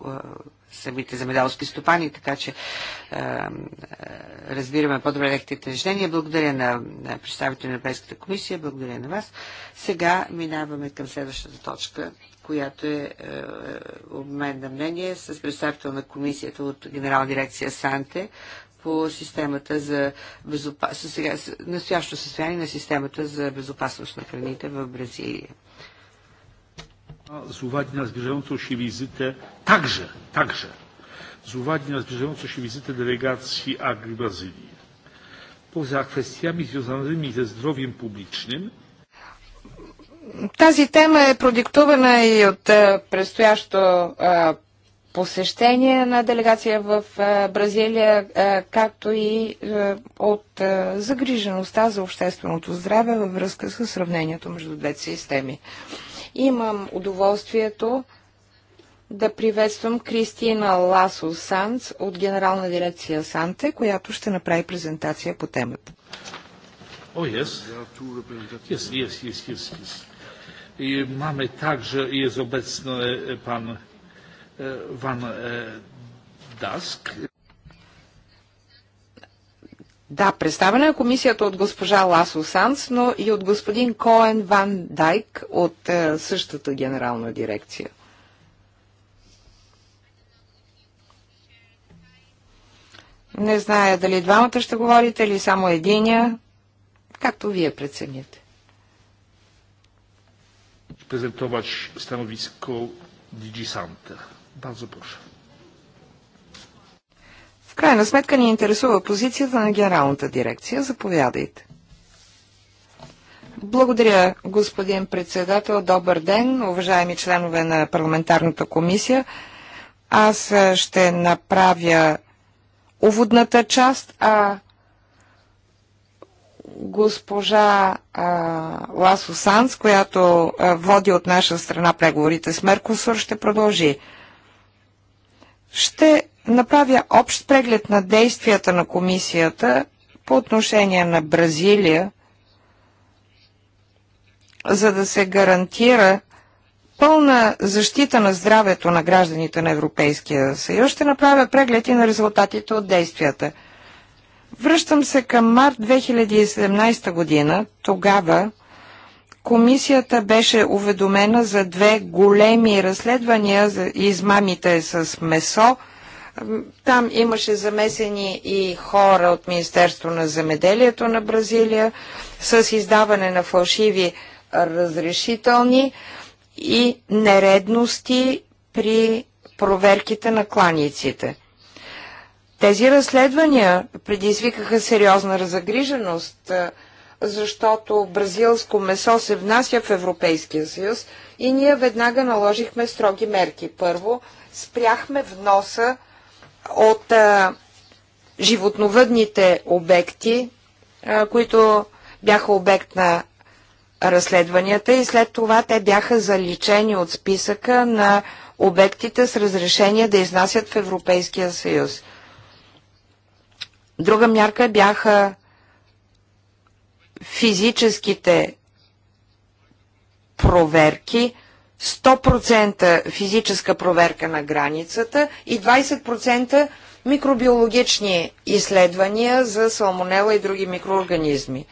самите замедалски стопани, така че е, разбираме по-добре леките решения. Благодаря на, на на Европейската комисия, благодаря на вас. Сега минаваме към следващата точка, която е, е обмен на мнение с представител на комисията от Генерална дирекция Санте по системата за безопасност, настоящото състояние на системата за безопасност на храните в Бразилия. Z uwagi na zbliżającą się wizytę, także, także, z uwagi na zbliżającą się wizytę delegacji Agri Brazylii, poza kwestiami związanymi ze zdrowiem publicznym, тази тема е продиктувана и от предстоящо посещение на делегация в е, Бразилия, е, както и е, от загрижеността за общественото здраве във връзка с сравнението между двете системи. Имам удоволствието да приветствам Кристина Ласо Санц от Генерална дирекция Санте, която ще направи презентация по темата. Oh, yes. Yes, yes, yes, yes, И I также и jest обецна пан е, Ван е, Даск. Да, представена е комисията от госпожа Ласо Санс, но и от господин Коен Ван Дайк от е, същата генерална дирекция. Не зная дали двамата ще говорите или само единия, както вие прецените. Презентувач становиско в крайна сметка ни интересува позицията на генералната дирекция. Заповядайте. Благодаря, господин председател. Добър ден, уважаеми членове на парламентарната комисия. Аз ще направя уводната част, а госпожа а, Ласо Санс, която а, води от наша страна преговорите с Меркосур, ще продължи. Ще направя общ преглед на действията на комисията по отношение на Бразилия, за да се гарантира пълна защита на здравето на гражданите на Европейския съюз. Ще направя преглед и на резултатите от действията – Връщам се към март 2017 година. Тогава комисията беше уведомена за две големи разследвания за измамите с месо. Там имаше замесени и хора от Министерство на земеделието на Бразилия с издаване на фалшиви разрешителни и нередности при проверките на кланиците. Тези разследвания предизвикаха сериозна разгриженост, защото бразилско месо се внася в Европейския съюз и ние веднага наложихме строги мерки. Първо, спряхме вноса от а, животновъдните обекти, а, които бяха обект на разследванията и след това те бяха заличени от списъка на обектите с разрешение да изнасят в Европейския съюз. Друга мярка бяха физическите проверки, 100% физическа проверка на границата и 20% микробиологични изследвания за салмонела и други микроорганизми.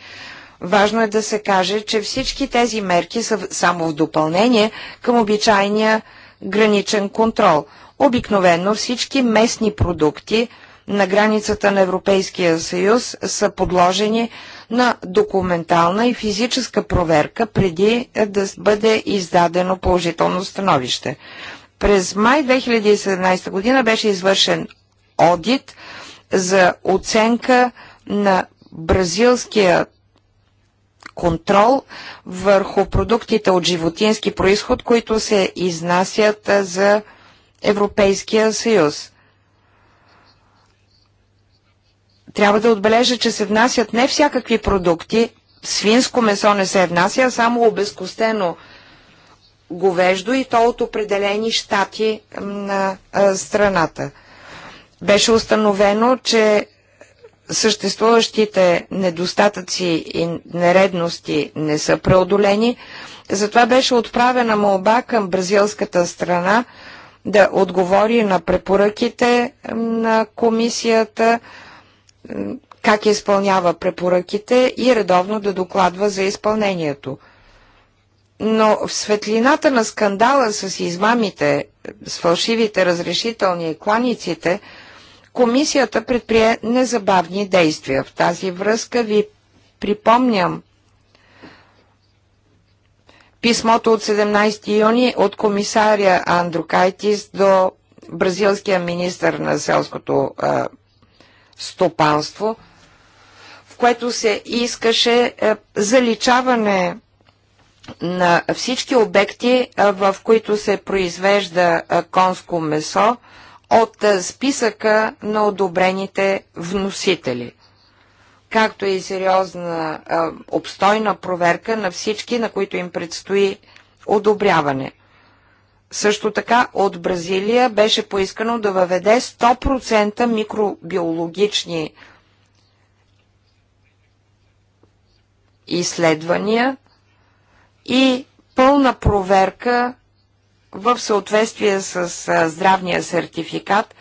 Важно е да се каже, че всички тези мерки са само в допълнение към обичайния граничен контрол. Обикновено всички местни продукти – на границата на Европейския съюз са подложени на документална и физическа проверка преди да бъде издадено положително становище. През май 2017 година беше извършен одит за оценка на бразилския контрол върху продуктите от животински происход, които се изнасят за Европейския съюз. Трябва да отбележа, че се внасят не всякакви продукти. Свинско месо не се внася, а само обезкостено говеждо и то от определени щати на страната. Беше установено, че съществуващите недостатъци и нередности не са преодолени. Затова беше отправена молба към бразилската страна да отговори на препоръките на комисията как изпълнява препоръките и редовно да докладва за изпълнението. Но в светлината на скандала с измамите, с фалшивите разрешителни и кланиците, комисията предприе незабавни действия. В тази връзка ви припомням писмото от 17 юни от комисаря Андрукайтис до бразилския министр на селското а, стопанство, в което се искаше е, заличаване на всички обекти, е, в които се произвежда е, конско месо от списъка на одобрените вносители, както и сериозна обстойна проверка на всички, на които им предстои одобряване – също така от Бразилия беше поискано да въведе 100% микробиологични изследвания и пълна проверка в съответствие с здравния сертификат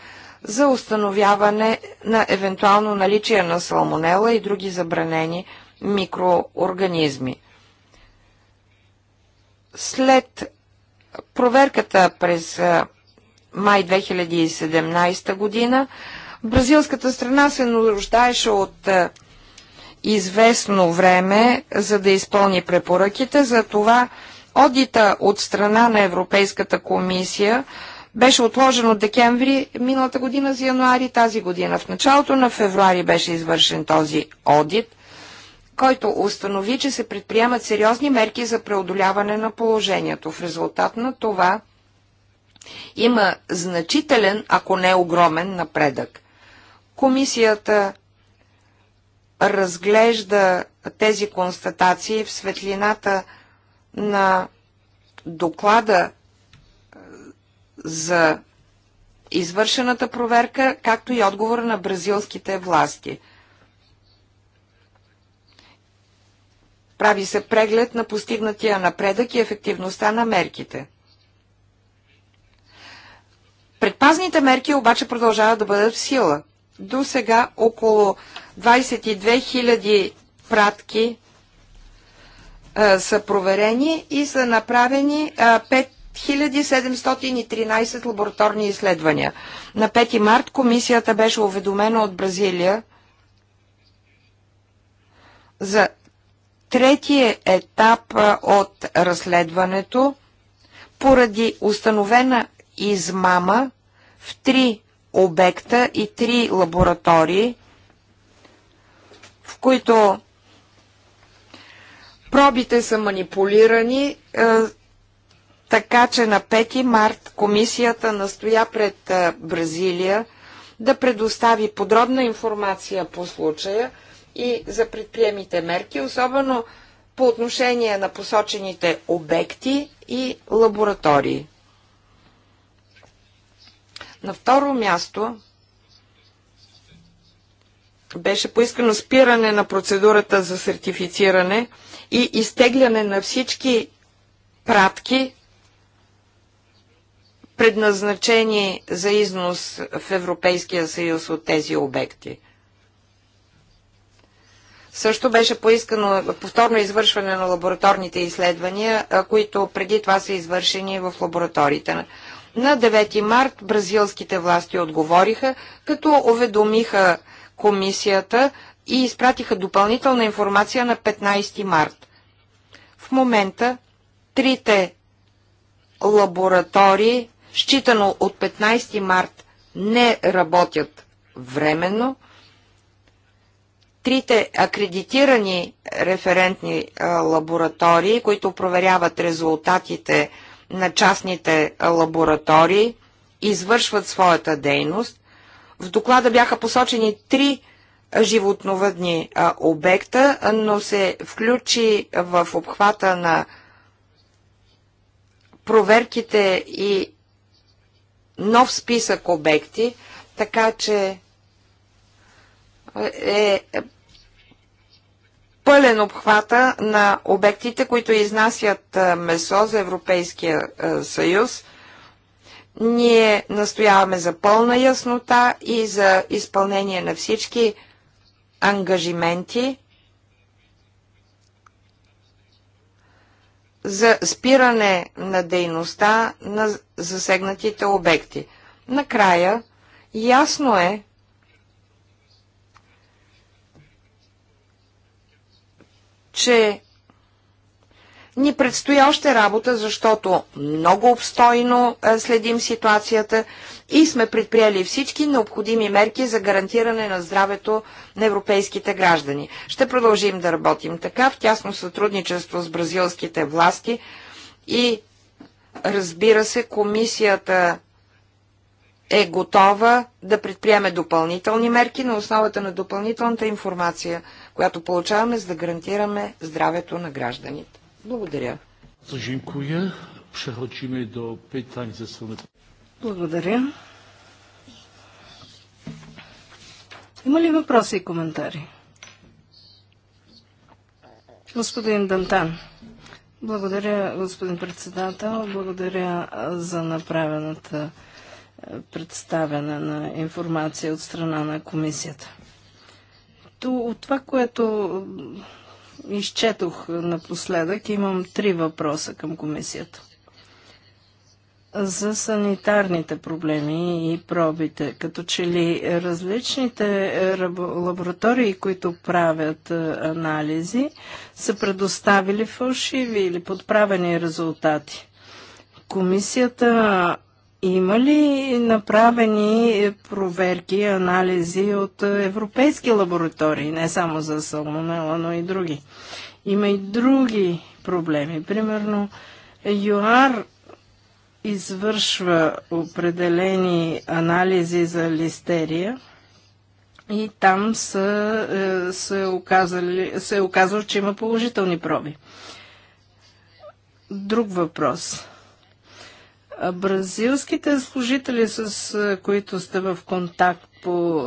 за установяване на евентуално наличие на салмонела и други забранени микроорганизми. След проверката през май 2017 година, бразилската страна се нуждаеше от известно време, за да изпълни препоръките. За това одита от страна на Европейската комисия беше отложен от декември миналата година за януари тази година. В началото на февруари беше извършен този одит – който установи, че се предприемат сериозни мерки за преодоляване на положението. В резултат на това има значителен, ако не огромен напредък. Комисията разглежда тези констатации в светлината на доклада е, за извършената проверка, както и отговора на бразилските власти – Прави се преглед на постигнатия напредък и ефективността на мерките. Предпазните мерки обаче продължават да бъдат в сила. До сега около 22 000 пратки а, са проверени и са направени а, 5 1713 лабораторни изследвания. На 5 март комисията беше уведомена от Бразилия за третия етап от разследването поради установена измама в три обекта и три лаборатории, в които пробите са манипулирани, така че на 5 март комисията настоя пред Бразилия да предостави подробна информация по случая – и за предприемите мерки, особено по отношение на посочените обекти и лаборатории. На второ място беше поискано спиране на процедурата за сертифициране и изтегляне на всички пратки, предназначени за износ в Европейския съюз от тези обекти – също беше поискано повторно извършване на лабораторните изследвания, които преди това са извършени в лабораториите. На 9 март бразилските власти отговориха, като уведомиха комисията и изпратиха допълнителна информация на 15 март. В момента трите лаборатории, считано от 15 март, не работят временно – трите акредитирани референтни лаборатории, които проверяват резултатите на частните лаборатории, извършват своята дейност. В доклада бяха посочени три животновъдни обекта, но се включи в обхвата на проверките и нов списък обекти, така че е, е пълен обхвата на обектите, които изнасят е, месо за Европейския е, съюз. Ние настояваме за пълна яснота и за изпълнение на всички ангажименти за спиране на дейността на засегнатите обекти. Накрая, ясно е, че ни предстои още работа, защото много обстойно е, следим ситуацията и сме предприели всички необходими мерки за гарантиране на здравето на европейските граждани. Ще продължим да работим така в тясно сътрудничество с бразилските власти и разбира се, комисията е готова да предприеме допълнителни мерки на основата на допълнителната информация, която получаваме, за да гарантираме здравето на гражданите. Благодаря. Благодаря. Има ли въпроси и коментари? Господин Дантан. Благодаря, господин председател. Благодаря за направената представяне на информация от страна на комисията от това, което изчетох напоследък, имам три въпроса към комисията. За санитарните проблеми и пробите, като че ли различните лаборатории, които правят е, анализи, са предоставили фалшиви или подправени резултати. Комисията има ли направени проверки, анализи от европейски лаборатории, не само за салмонела, но и други? Има и други проблеми. Примерно, ЮАР извършва определени анализи за листерия и там са, се, оказали, се е оказало, че има положителни проби. Друг въпрос – Бразилските служители, с които сте в контакт по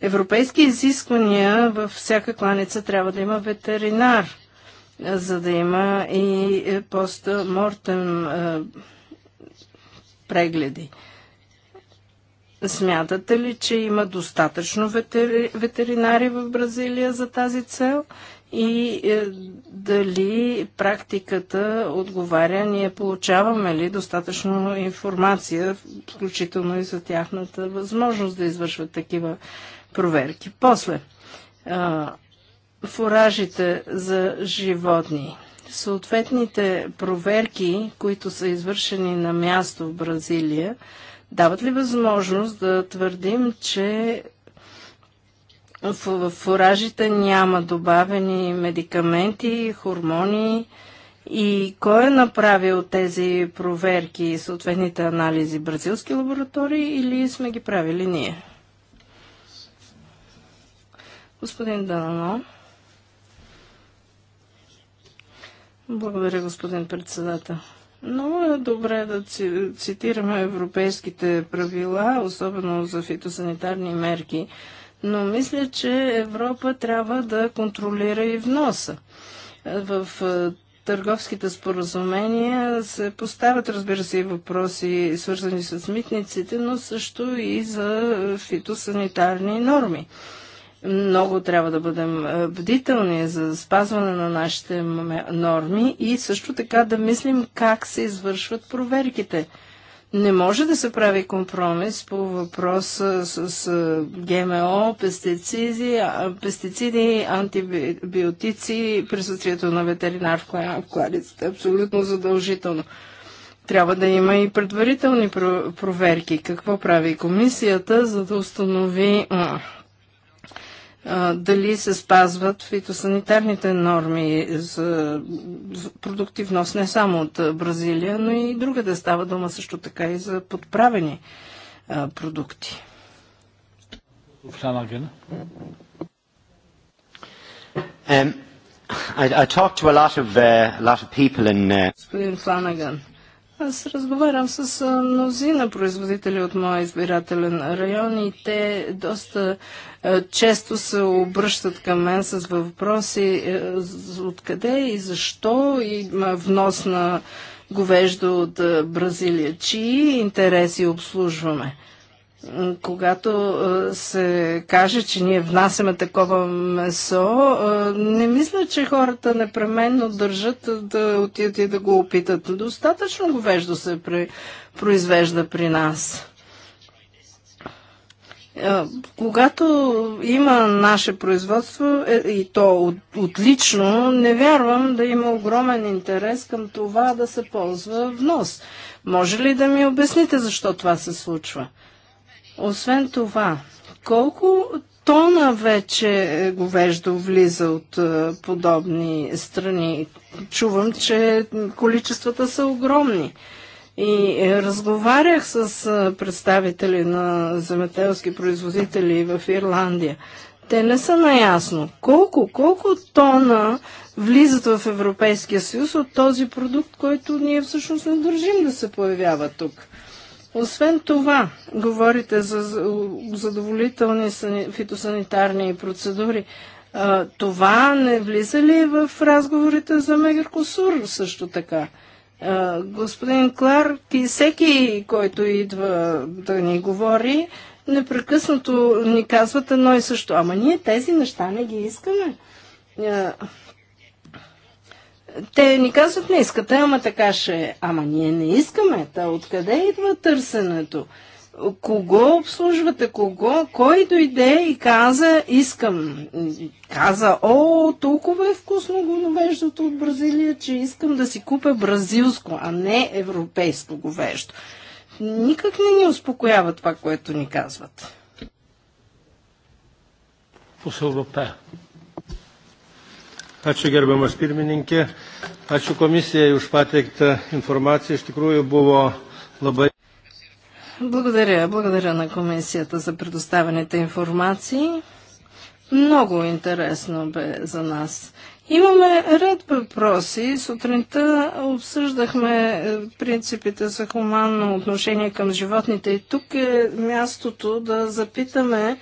европейски изисквания, във всяка кланица трябва да има ветеринар, за да има и е, постмортем прегледи. Смятате ли, че има достатъчно ветеринари в Бразилия за тази цел? и е, дали практиката отговаря, ние получаваме ли достатъчно информация, включително и за тяхната възможност да извършват такива проверки. После, е, фуражите за животни. Съответните проверки, които са извършени на място в Бразилия, дават ли възможност да твърдим, че в фуражите няма добавени медикаменти, хормони. И кой е направил тези проверки и съответните анализи? Бразилски лаборатории или сме ги правили ние? Господин Данано. Благодаря, господин председател. Много е добре да цитираме европейските правила, особено за фитосанитарни мерки но мисля, че Европа трябва да контролира и вноса. В е, търговските споразумения се поставят, разбира се, и въпроси, свързани с митниците, но също и за фитосанитарни норми. Много трябва да бъдем е, бдителни за спазване на нашите норми и също така да мислим как се извършват проверките не може да се прави компромис по въпроса с, с ГМО, пестициди, пестициди, антибиотици, присъствието на ветеринар в кладицата. Абсолютно задължително. Трябва да има и предварителни проверки. Какво прави комисията, за да установи дали се спазват фитосанитарните норми за продуктивност не само от Бразилия, но и другаде става дума също така и за подправени продукти. Господин Фланаган, аз разговарям с мнозина производители от моя избирателен район и те доста често се обръщат към мен с въпроси откъде и защо има внос на говеждо от Бразилия, чии интереси обслужваме когато е, се каже, че ние внасяме такова месо, е, не мисля, че хората непременно държат да отидат и да го опитат. Достатъчно говеждо се произвежда при нас. Е, когато има наше производство и то отлично, не вярвам да има огромен интерес към това да се ползва внос. Може ли да ми обясните защо това се случва? Освен това, колко тона вече говеждо влиза от е, подобни страни? Чувам, че количествата са огромни. И е, разговарях с е, представители на земетелски производители в Ирландия. Те не са наясно. Колко, колко тона влизат в Европейския съюз от този продукт, който ние всъщност не държим да се появява тук? Освен това, говорите за задоволителни фитосанитарни процедури. Това не влиза ли в разговорите за Мегеркосур също така? Господин Кларк и всеки, който идва да ни говори, непрекъснато ни казват едно и също. Ама ние тези неща не ги искаме те ни казват, не искате, ама така ще е. Ама ние не искаме. Та откъде идва търсенето? Кого обслужвате? Кого? Кой дойде и каза, искам? Каза, о, толкова е вкусно говеждото от Бразилия, че искам да си купя бразилско, а не европейско говеждо. Никак не ни успокоява това, което ни казват. Посълбапе. Ačiū gerbiamas pirmininkė, ačiū komisijai už pateiktą informaciją. Iš tikrųjų buvo labai. Благодаря. Благодаря на комисията за предоставените информации. Много интересно бе за нас. Имаме ред въпроси. Сутринта обсъждахме е, принципите за хуманно отношение към животните и тук е мястото да запитаме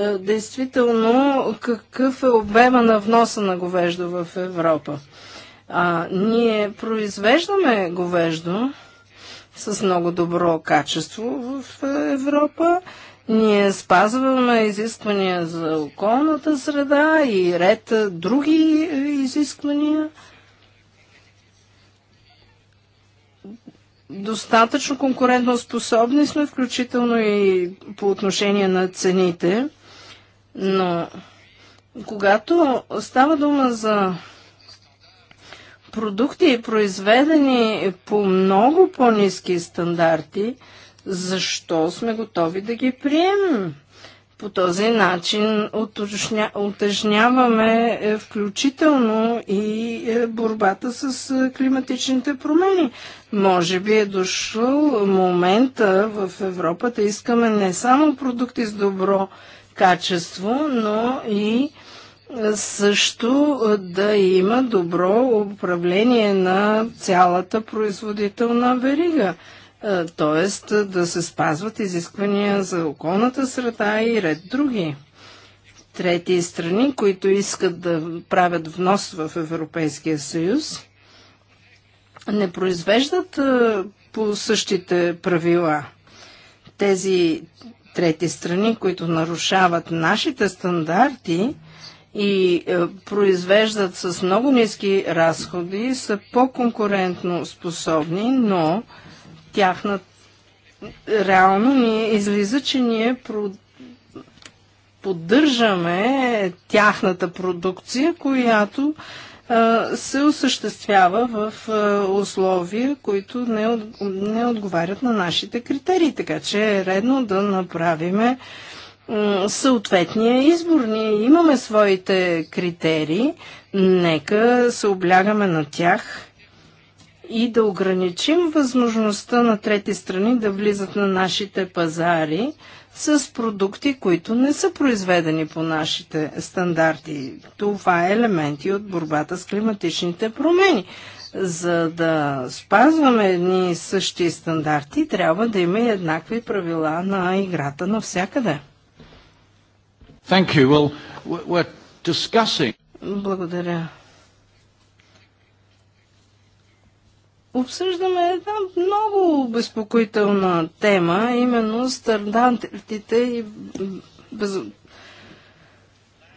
е, действително какъв е обема на вноса на говеждо в Европа. А, ние произвеждаме говеждо с много добро качество в Европа. Ние спазваме изисквания за околната среда и ред други изисквания. Достатъчно конкурентно способни сме, включително и по отношение на цените. Но когато става дума за продукти, произведени по много по-низки стандарти, защо сме готови да ги приемем? По този начин отъжняваме е, включително и е, борбата с е, климатичните промени. Може би е дошъл момента в Европа да искаме не само продукти с добро качество, но и също да има добро управление на цялата производителна верига. Т.е. да се спазват изисквания за околната среда и ред други трети страни, които искат да правят внос в Европейския съюз, не произвеждат е, по същите правила. Тези трети страни, които нарушават нашите стандарти и е, произвеждат с много ниски разходи, са по-конкурентно способни, но тяхна реално ни излиза, че ние про... поддържаме тяхната продукция, която се осъществява в условия, които не, от, не отговарят на нашите критерии. Така че е редно да направиме съответния избор. Ние имаме своите критерии, нека се облягаме на тях и да ограничим възможността на трети страни да влизат на нашите пазари, с продукти, които не са произведени по нашите стандарти. Това е елементи от борбата с климатичните промени. За да спазваме едни същи стандарти, трябва да има еднакви правила на играта навсякъде. Thank you. Well, we're discussing... Благодаря. обсъждаме една много безпокоителна тема, именно стандартите и без...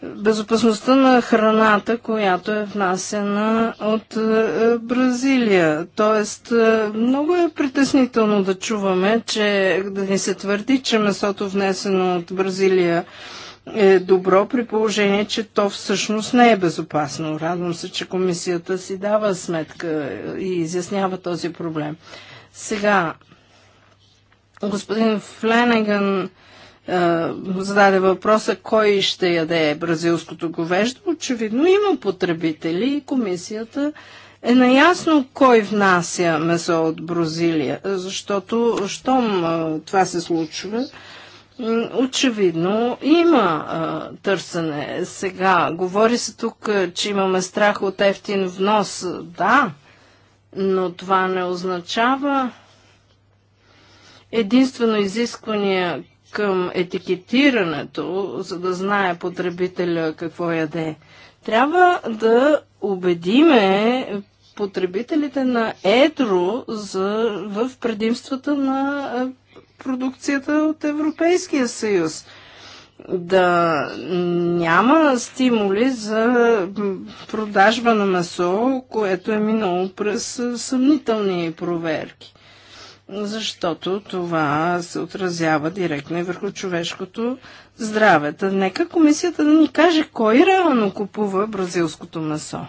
безопасността на храната, която е внасена от е, Бразилия. Тоест, е, много е притеснително да чуваме, че да ни се твърди, че месото внесено от Бразилия е добро при положение, че то всъщност не е безопасно. Радвам се, че комисията си дава сметка и изяснява този проблем. Сега, господин Фленеган е, зададе въпроса кой ще яде бразилското говеждо. Очевидно има потребители и комисията е наясно кой внася месо от Бразилия, защото щом е, това се случва, Очевидно има а, търсене. Сега, говори се тук, че имаме страх от ефтин внос. Да, но това не означава единствено изисквания към етикетирането, за да знае потребителя какво яде. Трябва да убедиме потребителите на едро за, в предимствата на продукцията от Европейския съюз. Да няма стимули за продажба на месо, което е минало през съмнителни проверки. Защото това се отразява директно и върху човешкото здраве. нека комисията да ни каже кой реално купува бразилското месо.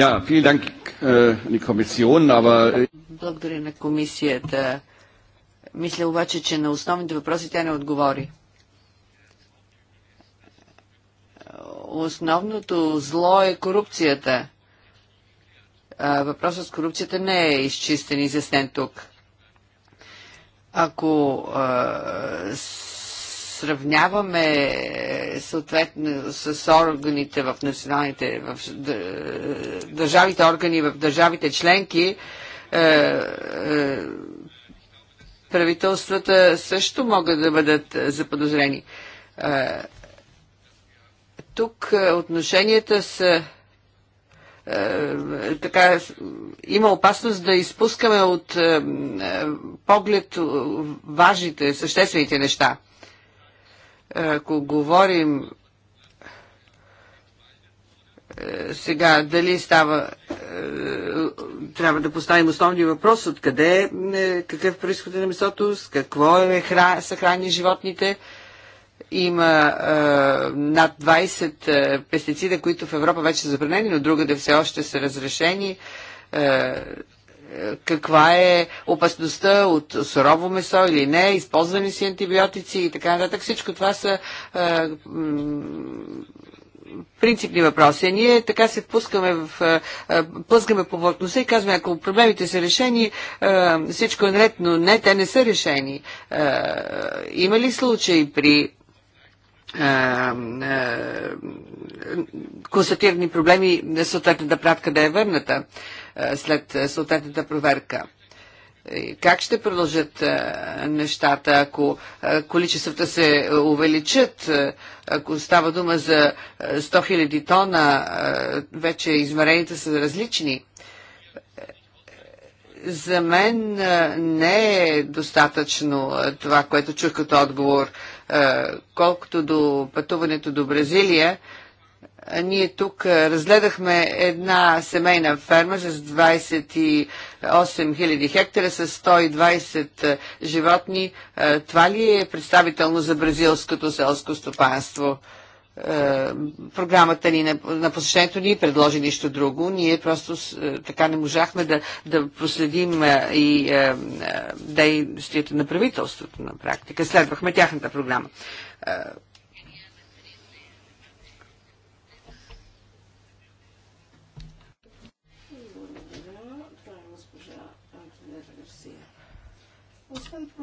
Äh, äh, Благодаря на комисията. Мисля обаче, че на основните въпроси тя не отговори. Основното зло е корупцията. въпросът с корупцията не е изчистен и заснен тук. Ако а, сравняваме е, съответно с органите в националните, в държавите органи, в държавите членки, е, е, правителствата също могат да бъдат заподозрени. Тук отношенията са така, има опасност да изпускаме от поглед важните, съществените неща. Ако говорим е, сега дали става е, трябва да поставим основния въпрос откъде е, какъв происход е на месото, с какво е хра, са храни животните. Има е, над 20 пестицида, които в Европа вече са забранени, но другаде все още са разрешени. Е, каква е опасността от сурово месо или не, използвани си антибиотици и така нататък. Всичко това са принципни въпроси. А ние така се впускаме в, плъзгаме по повърхността и казваме, ако проблемите са решени, всичко е наред, но не, те не са решени. има ли случаи при констатирани проблеми съответната пратка да е върната след съответната проверка. Как ще продължат нещата, ако количествата се увеличат, ако става дума за 100 000 тона, вече измерените са различни? За мен не е достатъчно това, което чух като отговор. Колкото до пътуването до Бразилия, ние тук разгледахме една семейна ферма с 28 000 хектара с 120 животни. Това ли е представително за бразилското селско стопанство? програмата ни на, на посещението ни предложи нищо друго. Ние просто така не можахме да, да проследим и действията на правителството на практика. Следвахме тяхната програма.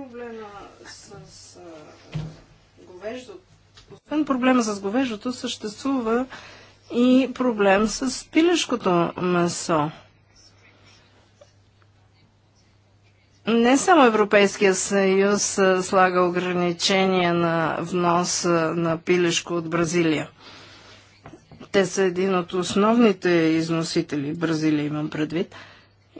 проблема с говеждото, освен проблема с говеждото, съществува и проблем с пилешкото месо. Не само Европейския съюз слага ограничения на внос на пилешко от Бразилия. Те са един от основните износители, Бразилия имам предвид –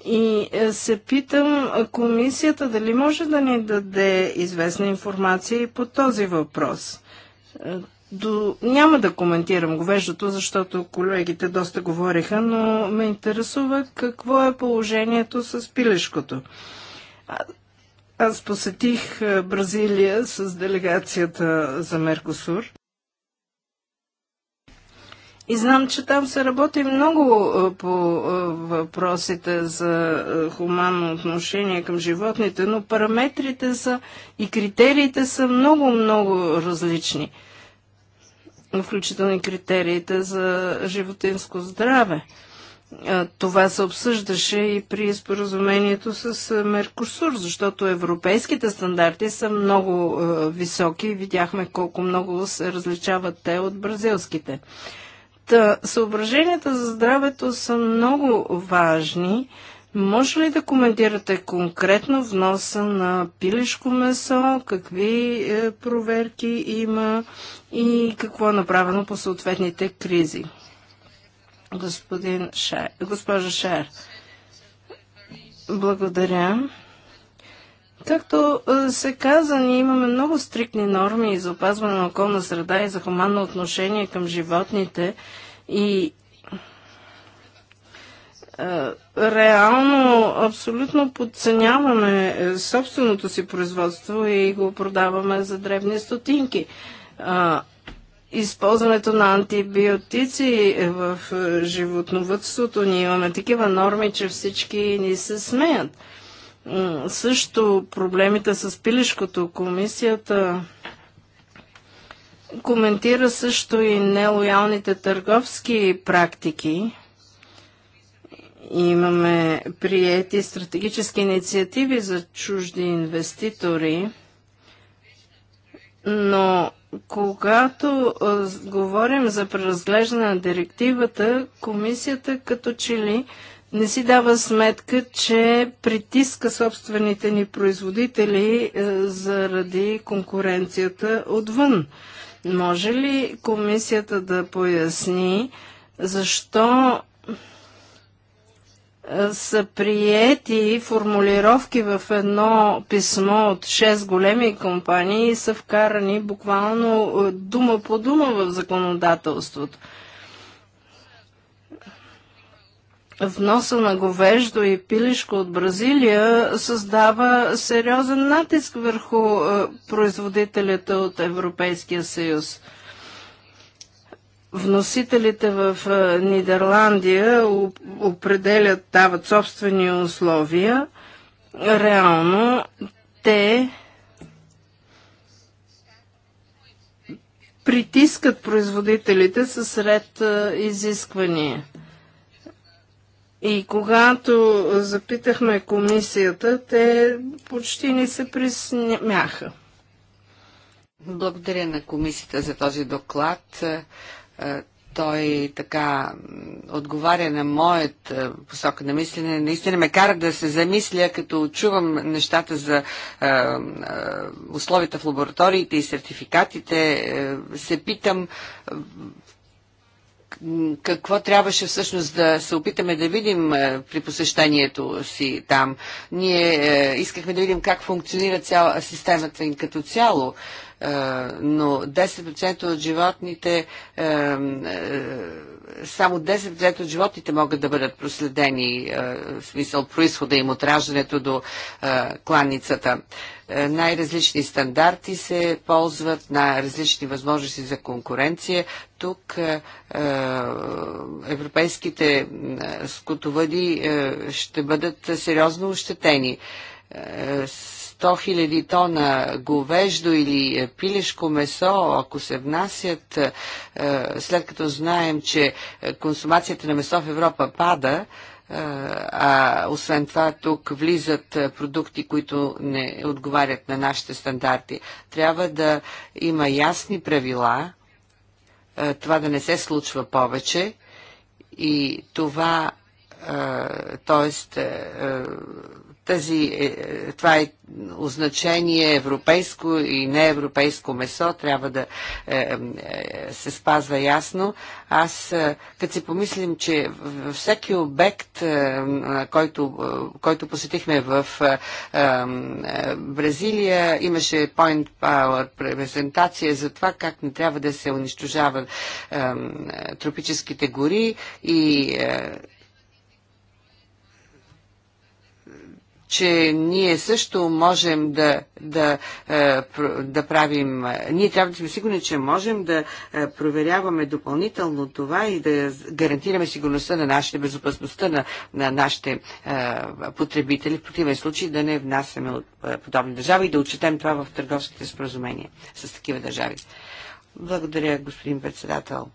и е, се питам комисията дали може да ни даде известна информация и по този въпрос. Е, до... Няма да коментирам говеждото, защото колегите доста говориха, но ме интересува какво е положението с пилешкото. Аз посетих е, Бразилия с делегацията за Меркосур. И знам, че там се работи много е, по е, въпросите за е, хуманно отношение към животните, но параметрите са и критериите са много-много различни. Включително и критериите за животинско здраве. Това се обсъждаше и при споразумението с Меркосур, защото европейските стандарти са много е, високи и видяхме колко много се различават те от бразилските. Та, съображенията за здравето са много важни. Може ли да коментирате конкретно вноса на пилешко месо, какви е, проверки има и какво е направено по съответните кризи? Господин Шай, госпожа Шер, благодаря. Както е, се каза, ние имаме много стриктни норми за опазване на околна среда и за хуманно отношение към животните и е, реално абсолютно подценяваме е, собственото си производство и го продаваме за древни стотинки. Използването на антибиотици в животновътството, ние имаме такива норми, че всички ни се смеят. Също проблемите с пилешкото. Комисията коментира също и нелоялните търговски практики. Имаме приети стратегически инициативи за чужди инвеститори, но когато говорим за преразглеждане на директивата, комисията като че ли не си дава сметка, че притиска собствените ни производители е, заради конкуренцията отвън. Може ли комисията да поясни защо е, са приети формулировки в едно писмо от 6 големи компании и са вкарани буквално е, дума по дума в законодателството. вноса на говеждо и пилешко от Бразилия създава сериозен натиск върху е, производителите от Европейския съюз. Вносителите в е, Нидерландия определят, дават собствени условия. Реално те притискат производителите със ред е, изисквания – и когато запитахме комисията, те почти ни се присмяха. Благодаря на комисията за този доклад. Е, той така отговаря на моят е, посока на мислене. Наистина ме кара да се замисля, като чувам нещата за е, е, условията в лабораториите и сертификатите. Е, се питам е, какво трябваше всъщност да се опитаме да видим е, при посещението си там. Ние е, искахме да видим как функционира цяла системата им като цяло но 10% от животните, само 10% от животните могат да бъдат проследени, в смисъл происхода им от раждането до кланицата. Най-различни стандарти се ползват, на различни възможности за конкуренция. Тук европейските скотовъди ще бъдат сериозно ощетени 100 000 тона говеждо или е, пилешко месо, ако се внасят, е, след като знаем, че е, консумацията на месо в Европа пада, а освен това тук влизат продукти, които не отговарят на нашите стандарти. Трябва да има ясни правила, това да не се случва повече и това, т.е. Тази, е, това е означение европейско и неевропейско месо, трябва да е, е, се спазва ясно. Аз, като си помислим, че във всеки обект, който, който посетихме в Бразилия, имаше Point Power презентация за това как не трябва да се унищожават тропическите гори и че ние също можем да, да, е, да правим, ние трябва да сме сигурни, че можем да е, проверяваме допълнително това и да гарантираме сигурността на нашите, безопасността на, на нашите е, потребители, в противен случай да не внасяме от подобни държави и да отчетем това в търговските споразумения с такива държави. Благодаря, господин председател.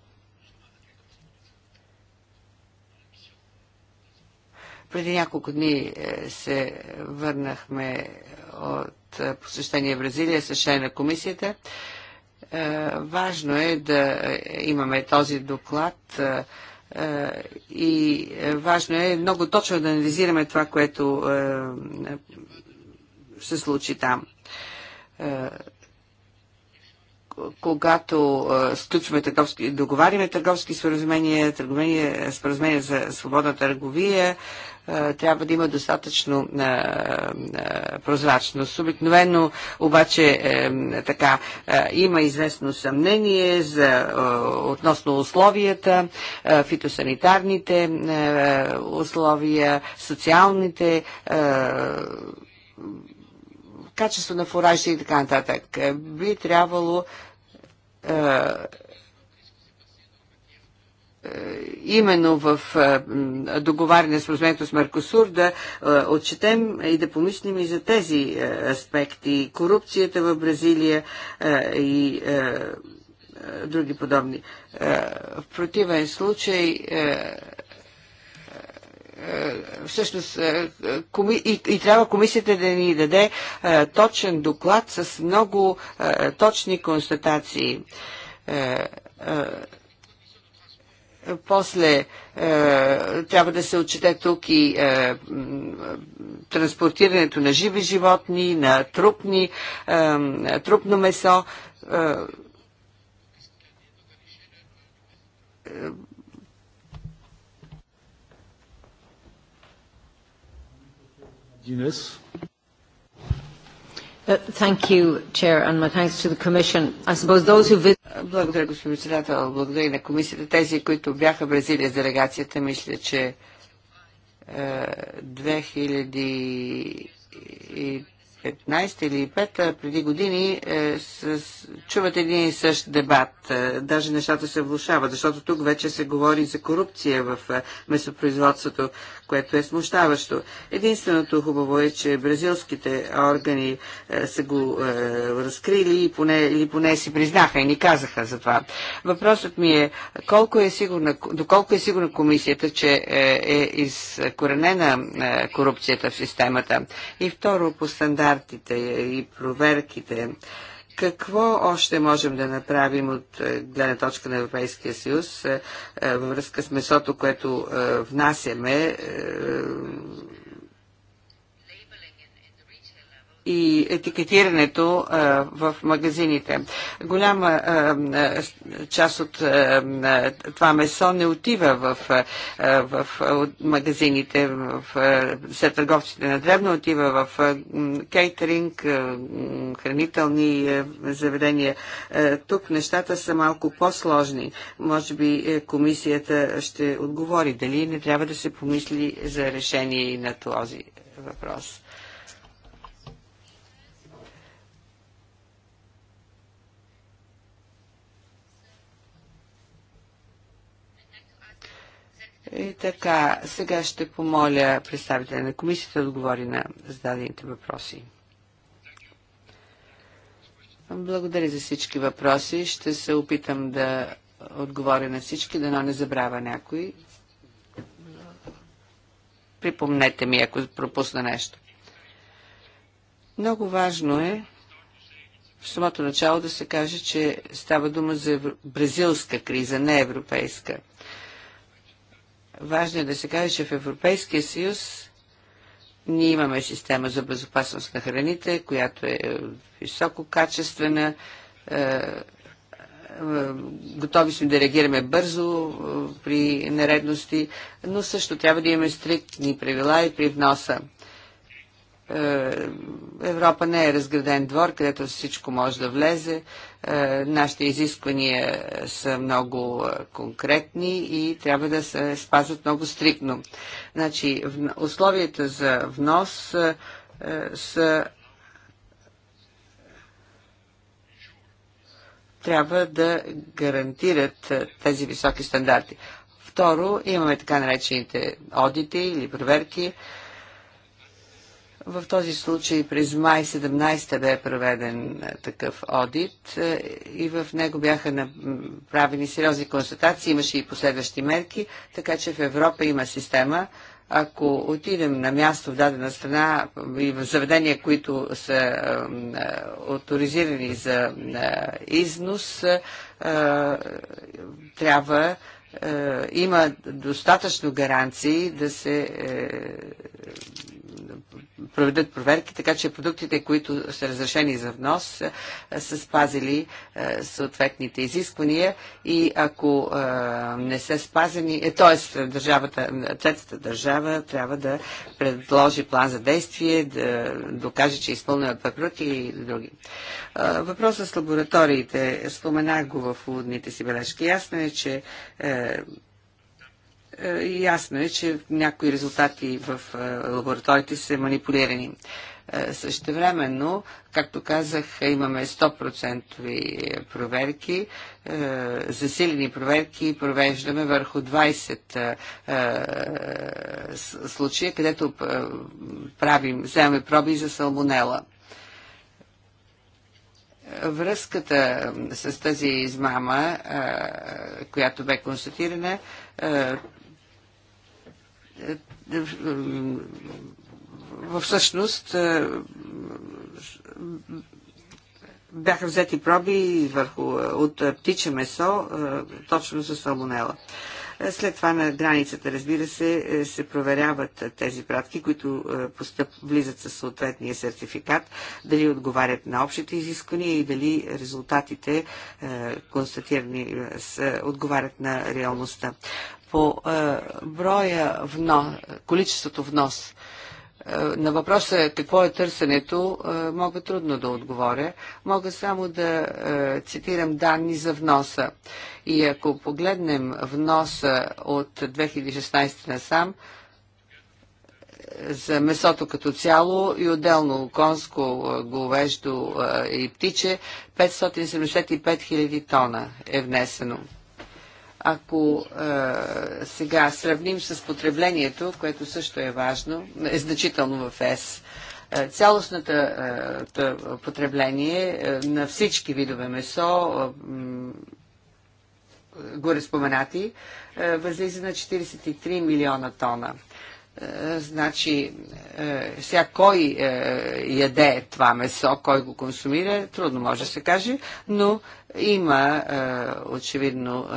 Преди няколко дни е, се върнахме от е, посещение в Бразилия с член на комисията. Е, важно е да имаме този доклад и важно е много точно да анализираме това, което се случи там когато сключваме търговски, договаряме търговски споразумения, споразумения за свободна търговия, е, трябва да има достатъчно е, е, прозрачност. Обикновено обаче така има известно съмнение за, относно условията, фитосанитарните условия, социалните качество на фуражите и така нататък. Би трябвало е, именно в е, договаряне с разумението с Меркосур да е, отчетем и да помислим и за тези аспекти. Корупцията в Бразилия и други подобни. В противен случай всъщност и, и трябва комисията да ни даде точен доклад с много точни констатации после е, трябва да се отчете тук и е, транспортирането на живи животни, на трупни, е, трупно месо. Е, Uh, Thank you, Chair, and my thanks to the Commission. I suppose those who visit благодаря, господин председател. Благодаря и на комисията. Тези, които бяха в Бразилия с делегацията, мисля, че 2015 е, или 5 преди години е, с, чуват един и същ дебат. Е, даже нещата се влушават, защото тук вече се говори за корупция в месопроизводството, което е смущаващо. Единственото хубаво е, че бразилските органи е, са го е, разкрили и поне, или поне си признаха и ни казаха за това. Въпросът ми е, колко е сигурна, доколко е сигурна комисията, че е, е изкоренена е, корупцията в системата? И второ, по стандартите и проверките. Е, какво още можем да направим от е, гледна точка на Европейския съюз е, е, във връзка с месото, което внасяме? и етикетирането а, в магазините. Голяма а, част от а, това месо не отива в, а, в от магазините, в, след търговците на Древно, отива в а, кейтеринг, а, хранителни а, заведения. А, тук нещата са малко по-сложни. Може би е, комисията ще отговори дали не трябва да се помисли за решение и на този въпрос. И така, сега ще помоля представителя на комисията да отговори на зададените въпроси. Благодаря за всички въпроси. Ще се опитам да отговоря на всички, да но не забравя някой. Припомнете ми, ако пропусна нещо. Много важно е в самото начало да се каже, че става дума за бразилска криза, не европейска. Важно е да се каже, че в Европейския съюз ние имаме система за безопасност на храните, която е, е висококачествена. Е, е, готови сме да реагираме бързо при нередности, но също трябва да имаме стриктни правила и при вноса. Е, Европа не е разграден двор, където всичко може да влезе. Е, нашите изисквания са много е, конкретни и трябва да се спазват много стрикно. Значи, условията за внос са трябва да гарантират тези високи стандарти. Второ, имаме така наречените одити или проверки. В този случай през май 17 бе проведен е, такъв одит е, и в него бяха направени сериозни констатации, имаше и последващи мерки, така че в Европа има система. Ако отидем на място в дадена страна и в заведения, които са е, авторизирани за износ, трябва има достатъчно гаранции да се проведат проверки, така че продуктите, които са разрешени за внос, е, са спазили е, съответните изисквания и ако е, не са спазени, т.е. държавата, третата държава трябва да предложи план за действие, да докаже, че е изпълнена въпроти и други. Въпросът с лабораториите, споменах го в уводните си бележки. Ясно е, че е, ясно е, че някои резултати в е, лабораториите са манипулирани. Е, същевременно, както казах, имаме 100% проверки, засилени проверки провеждаме върху 20 случая, където правим, вземаме проби за салмонела връзката с тази измама, която бе констатирана, е, е, е, всъщност бяха взети проби върху, от птиче месо, точно с салмонела. След това на границата, разбира се, се проверяват тези пратки, които постъп, влизат със съответния сертификат, дали отговарят на общите изисквания и дали резултатите констатирани отговарят на реалността по е, броя вно, количеството внос. Е, на въпроса какво е търсенето, е, мога трудно да отговоря. Мога само да цитирам данни за вноса. И ако погледнем вноса от 2016 насам, за месото като цяло и отделно конско, говеждо и птиче, 575 000 тона е внесено. Ако а, е, сега сравним с потреблението, което също е важно, е значително в ЕС, е, цялостната а, е, потребление а, на всички видове месо, а, горе споменати, възлиза на 43 милиона тона. Е, значи е, сега кой е, яде това месо, кой го консумира, трудно може да се каже, но има очевидно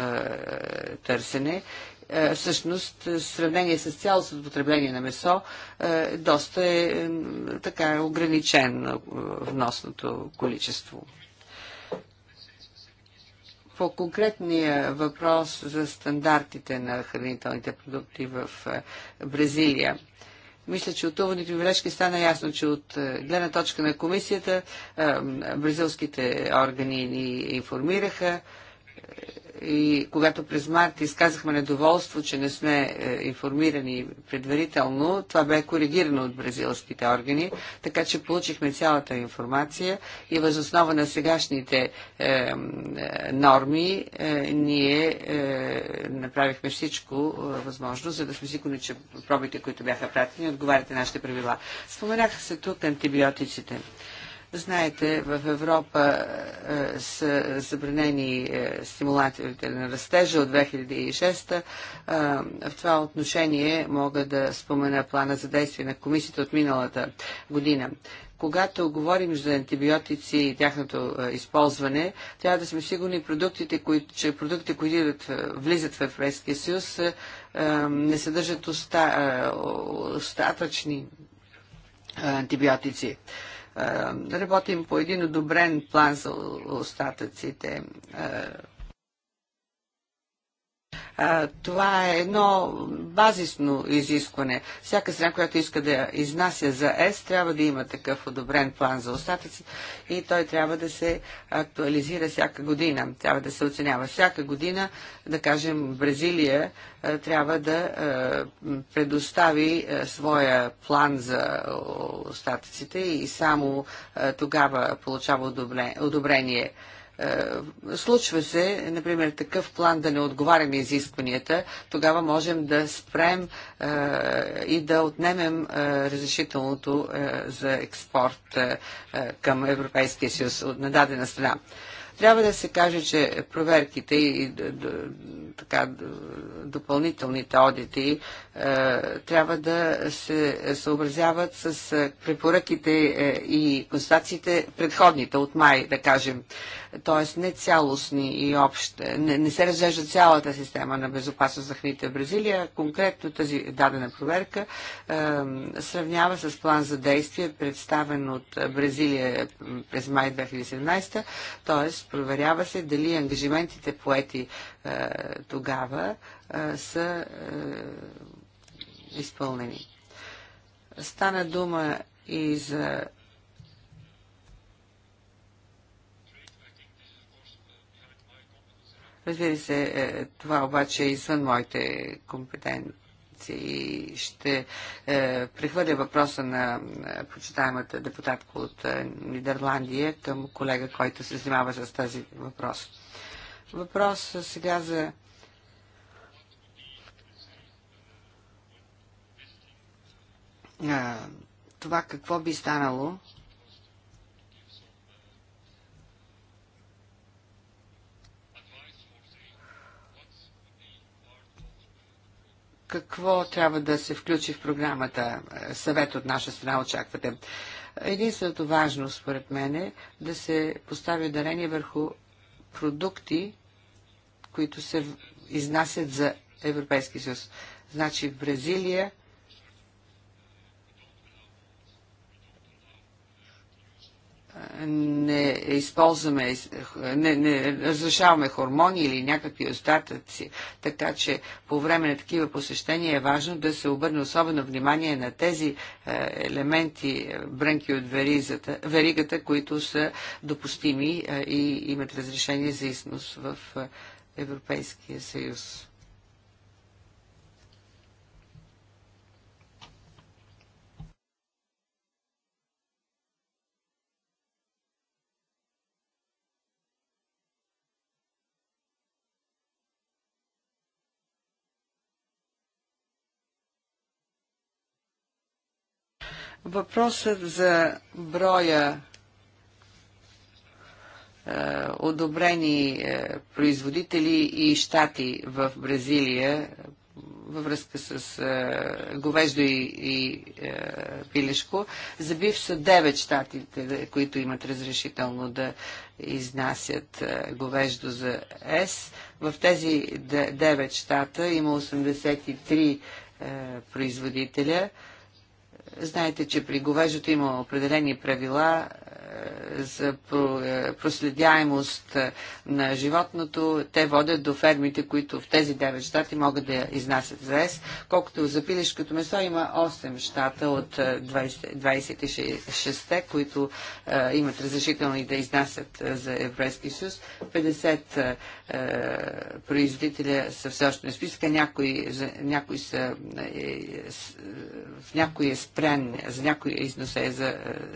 търсене. Всъщност, в сравнение с цялото съпотребление на месо, доста е така ограничен вносното количество. По конкретния въпрос за стандартите на хранителните продукти в е, Бразилия. Мисля, че от уводните ми врешки стана ясно, че от е, гледна точка на комисията е, бразилските органи ни информираха и когато през март изказахме недоволство, че не сме е, информирани предварително, това бе коригирано от бразилските органи, така че получихме цялата информация и възоснова на сегашните е, е, норми е, ние е, направихме всичко е, възможно, за да сме сигурни, че пробите, които бяха пратени, отговарят на нашите правила. Споменаха се тук антибиотиците. Знаете, в Европа е, са забранени е, стимулаторите на растежа от 2006. Е, в това отношение мога да спомена плана за действие на комисията от миналата година. Когато говорим за антибиотици и тяхното е, използване, трябва да сме сигурни, продуктите, кои, че продуктите, които влизат в Европейския съюз, е, е, не съдържат оста, остатъчни антибиотици. Е, работим по един одобрен план за остатъците. Е, това е едно базисно изискване. Всяка страна, която иска да изнася за ЕС, трябва да има такъв одобрен план за остатъци и той трябва да се актуализира всяка година. Трябва да се оценява всяка година, да кажем, Бразилия трябва да предостави своя план за остатъците и само тогава получава одобрение е, случва се, например, такъв план да не на изискванията, тогава можем да спрем е, и да отнемем е, разрешителното е, за експорт е, е, към Европейския съюз на дадена страна. Трябва да се каже, че проверките и така, допълнителните одити е, трябва да се съобразяват с е, препоръките е, и констатациите предходните от май, да кажем. Тоест не цялостни и общи. Не, не се разрежда цялата система на безопасност за храните в Бразилия. Конкретно тази дадена проверка е, сравнява с план за действие, представен от Бразилия през май 2017. Тоест проверява се дали ангажиментите поети е, тогава е, са изпълнени. Стана дума и за Разбира се, е, това обаче е извън моите компетенции. Ще е, прехвърля въпроса на е, почитаемата депутатка от е, Нидерландия към колега, който се занимава с тази въпрос. Въпрос сега за а, това какво би станало, какво трябва да се включи в програмата? Съвет от наша страна очаквате. Единственото важно, според мен, е да се постави ударение върху продукти, които се изнасят за Европейски съюз. Значи в Бразилия не използваме, не, не разрешаваме хормони или някакви остатъци, така че по време на такива посещения е важно да се обърне особено внимание на тези е, елементи е, брънки от веризата, веригата, които са допустими е, и имат разрешение за износ в Европейския съюз. Въпросът за броя е, одобрени е, производители и щати в Бразилия е, във връзка с е, говеждо и, и е, пилешко. забив са 9 щатите, които имат разрешително да изнасят е, говеждо за ЕС. В тези 9 щата има 83 е, производителя. Е, Знаете, че при говежето има определени правила, за е, проследяемост на животното, те водят до фермите, които в тези 9 щати могат да изнасят за ЕС. Колкото за пилешкото месо има 8 щата от 26-те, е, които имат е, имат разрешителни да изнасят за Европейски съюз. 50 производителя са все още на списка, някои, някои са, е, в някои е спрян, за някои износ е за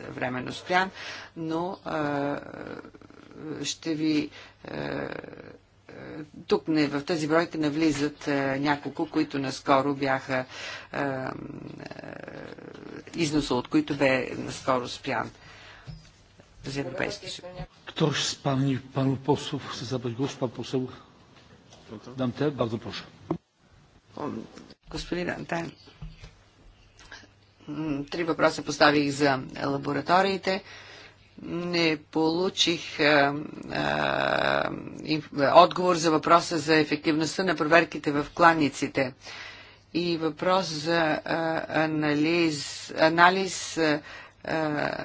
временно спрян но а, ще ви. А, тук не, в тези бройки навлизат а, няколко, които наскоро бяха А, а, износа, от които бе наскоро спян за Европейския съюз. Ktoś z pani, panów posłów chce zabrać głos? Посов? Дам те, бързо прошу. Господин Антен, три въпроса поставих за лабораториите не получих а, а, отговор за въпроса за ефективността на проверките в кланиците и въпрос за а, анализ, анализ а, а,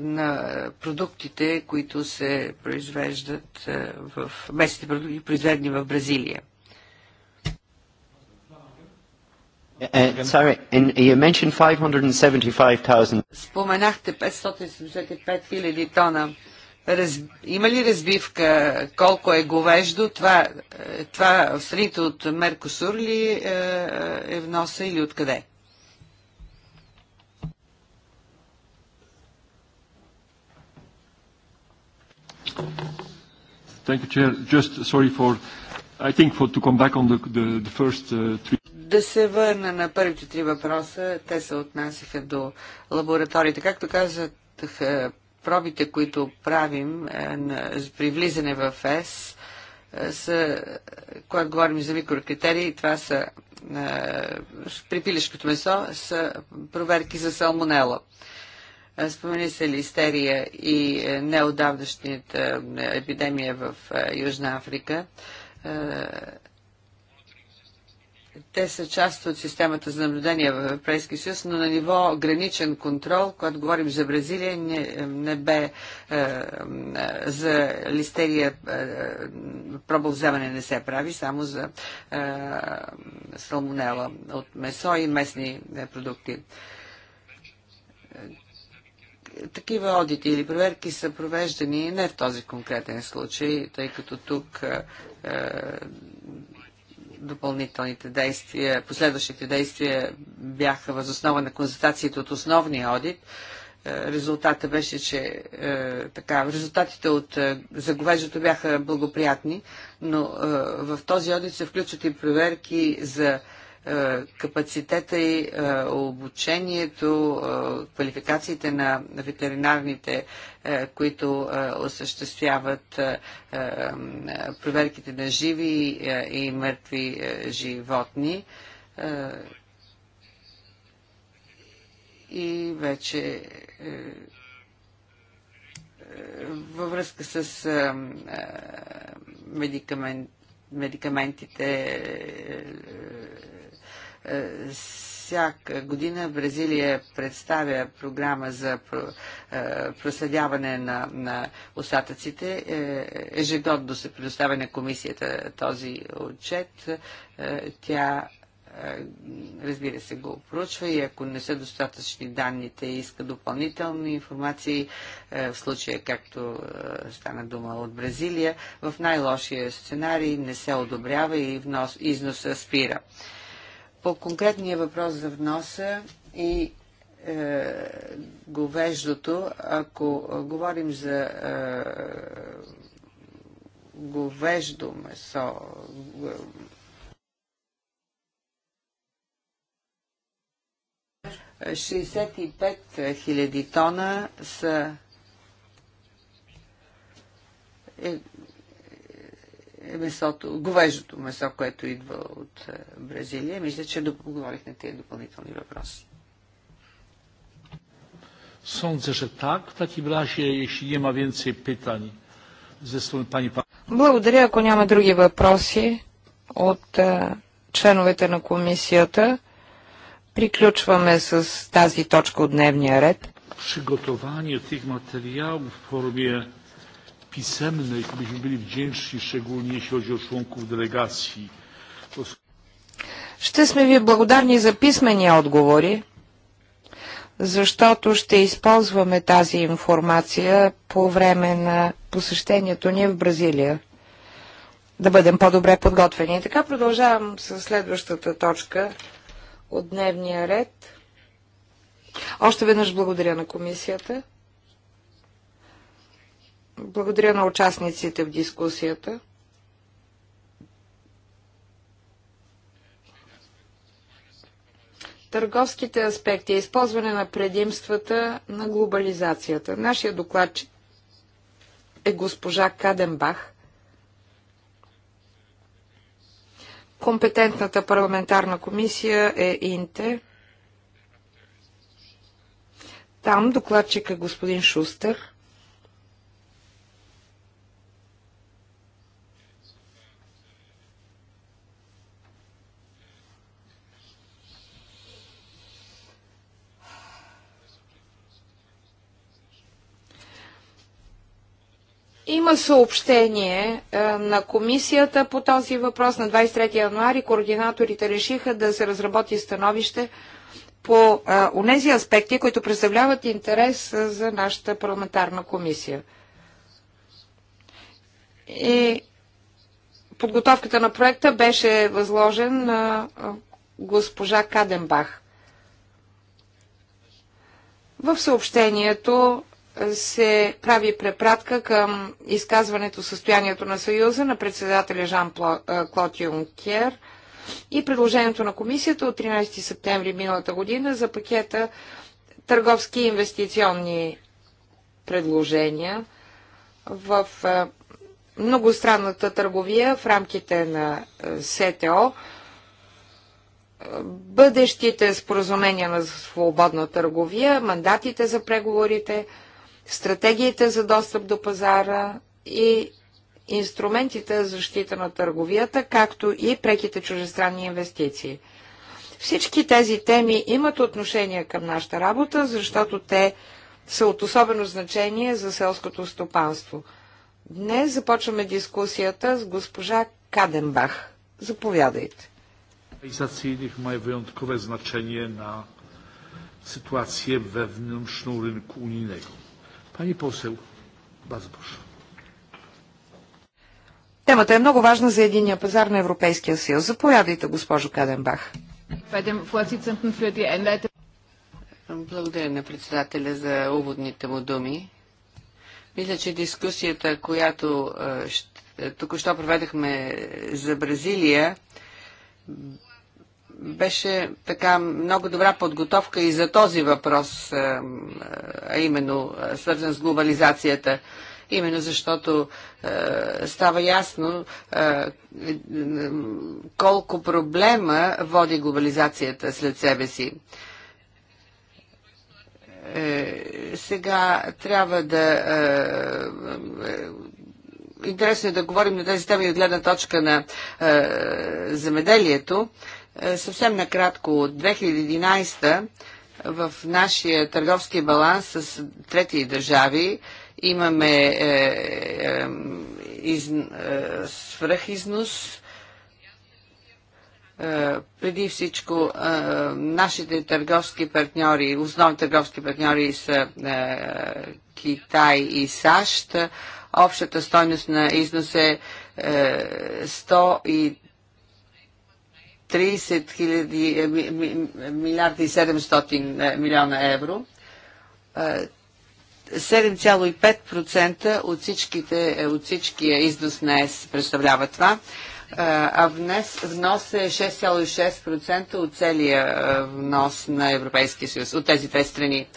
на продуктите, които се произвеждат в местните продукти, произведени в Бразилия. Uh, Споменахте 575 хиляди тона. Раз... Има ли разбивка колко е говеждо? Това, е, това страните от Меркосур ли е, е, е вноса или откъде? Thank you, Chair. Just sorry for, I think for to come back on the, the, the first uh, three. Да се върна на първите три въпроса. Те се отнасяха до лабораториите. Както казах, пробите, които правим е, при влизане в ЕС, е, са, когато говорим за микрокритерии, това са е, при пилешкото месо, са проверки за салмонела. Спомени се листерия и неодавнашният епидемия в Южна Африка. Те са част от системата за наблюдение в Европейския съюз, но на ниво граничен контрол, когато говорим за Бразилия, не, не бе е, е за листерия е, пробъл вземане не се прави, само за е, салмонела от месо и местни е, продукти такива одити или проверки са провеждани не в този конкретен случай, тъй като тук е, е допълнителните действия, последващите действия бяха въз основа на констатациите от основния одит. Е, резултата беше, че е, така, резултатите от е, заговеждато бяха благоприятни, но в този одит се включват и проверки за е, капацитета и е, обучението, е, квалификациите на ветеринарните, които осъществяват проверките на живи и мъртви животни. И вече във връзка с медикамент, медикаментите, е, всяка година Бразилия представя програма за е, проследяване на, на остатъците. Е, ежегодно се предоставя на комисията този отчет. Тя разбира се, го проучва и ако не са достатъчни данните и иска допълнителни информации, в случая, както стана дума от Бразилия, в най-лошия сценарий не се одобрява и износа спира. По конкретния въпрос за вноса и е, говеждото, ако говорим за е, говеждо месо, е, 65 000 тона са е, месото, говеждото месо, което идва от е, Бразилия. Мисля, че отговорих на тези допълнителни въпроси. Sądzę, че так, в таки бразе, jeśli има ma питани. pytań Благодаря, ако няма други въпроси от е, членовете на комисията. Приключваме с тази точка от дневния ред. Przygotowanie тих materiałów в formie pisemnych byśmy byli wdzięczni, szczególnie jeśli chodzi o członków delegacji. Ще сме ви благодарни за писмени отговори, защото ще използваме тази информация по време на посещението ни в Бразилия. Да бъдем по-добре подготвени. И така продължавам с следващата точка от дневния ред. Още веднъж благодаря на комисията. Благодаря на участниците в дискусията. Търговските аспекти и използване на предимствата на глобализацията. Нашия доклад е госпожа Каденбах, компетентната парламентарна комисия е ИНТЕ. Там докладчика е господин Шустър. Има съобщение е, на комисията по този въпрос. На 23 януари координаторите решиха да се разработи становище по е, онези аспекти, които представляват интерес е, за нашата парламентарна комисия. И подготовката на проекта беше възложен на госпожа Каденбах. В съобщението се прави препратка към изказването състоянието на Съюза на председателя Жан Клод Юнкер и предложението на комисията от 13 септември миналата година за пакета търговски и инвестиционни предложения в многостранната търговия в рамките на СТО, бъдещите споразумения на свободна търговия, мандатите за преговорите – стратегиите за достъп до пазара и инструментите за защита на търговията, както и преките чужестранни инвестиции. Всички тези теми имат отношение към нашата работа, защото те са от особено значение за селското стопанство. Днес започваме дискусията с госпожа Каденбах. Заповядайте. Реализационних має wyjątkowe значение на ситуацję wewnętrzną у него. Pani poseł, bardzo proszę. Темата е много важна за единия пазар на Европейския съюз. Заповядайте, госпожо Каденбах. Благодаря на председателя за уводните му думи. Мисля, че дискусията, която е, тук що проведахме за Бразилия, беше така много добра подготовка и за този въпрос, е, е, а именно е, свързан с глобализацията. Именно защото е, става ясно е, е, колко проблема води глобализацията след себе си. Е, сега трябва да. Е, е, интересно е да говорим на тези теми от гледна точка на е, земеделието. Е, е, съвсем накратко, от 2011 в нашия търговски баланс с трети държави имаме е, е, из, е, свръхизнос. Е, преди всичко е, нашите търговски партньори, основни търговски партньори са е, Китай и САЩ. Общата стойност на износ е 130 е, 30 е, милиарда и 700 е, милиона евро. 7,5% е, от, всичките, от всичкия износ на ЕС представлява това, а внес, внос е 6,6% от целия внос на Европейския съюз, от тези две страни.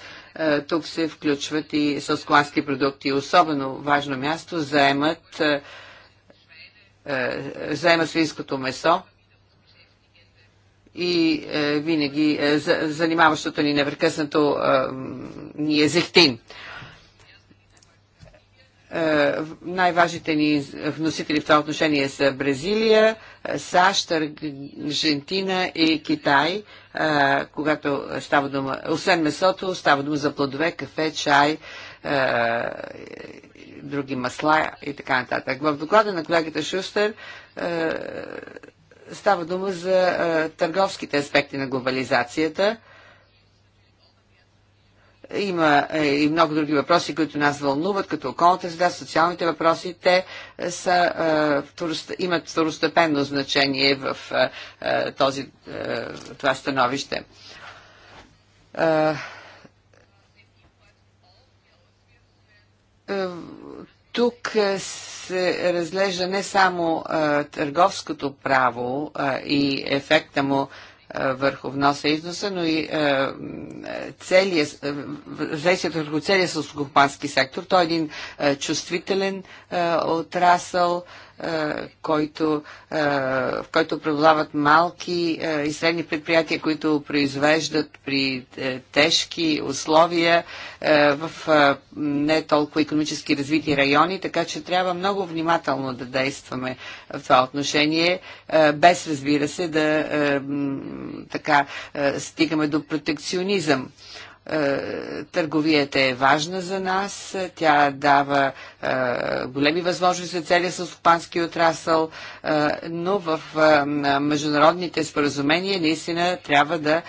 Тук се включват и сълскоански продукти. Особено важно място заемат заема свинското месо, и е, винаги е, за, занимаващото ни непрекъснато е, ни е зехтин. Е, най-важните ни вносители в това отношение са Бразилия, е, САЩ, Аржентина и Китай, е, когато става дума, освен месото, става дума за плодове, кафе, чай, е, други масла и така нататък. В доклада на колегата Шустер е, Става дума за търговските аспекти на глобализацията. Има е, и много други въпроси, които нас вълнуват, като околната среда, социалните въпроси. Те е, са, е, имат второстепенно значение в този, това становище тук се разглежда не само а, търговското право а, и ефекта му а, върху вноса и износа, но и целият, върху целия селскохопански сектор. Той е един чувствителен отрасъл, е, който, е, в който преобладават малки е, и средни предприятия, които произвеждат при тежки условия в не толкова економически развити райони, така че трябва много внимателно да действаме в това отношение, без разбира се да така стигаме до протекционизъм е, търговията е важна за нас, тя дава е, големи възможности за целия съсопански отрасъл, е, но в международните споразумения наистина трябва да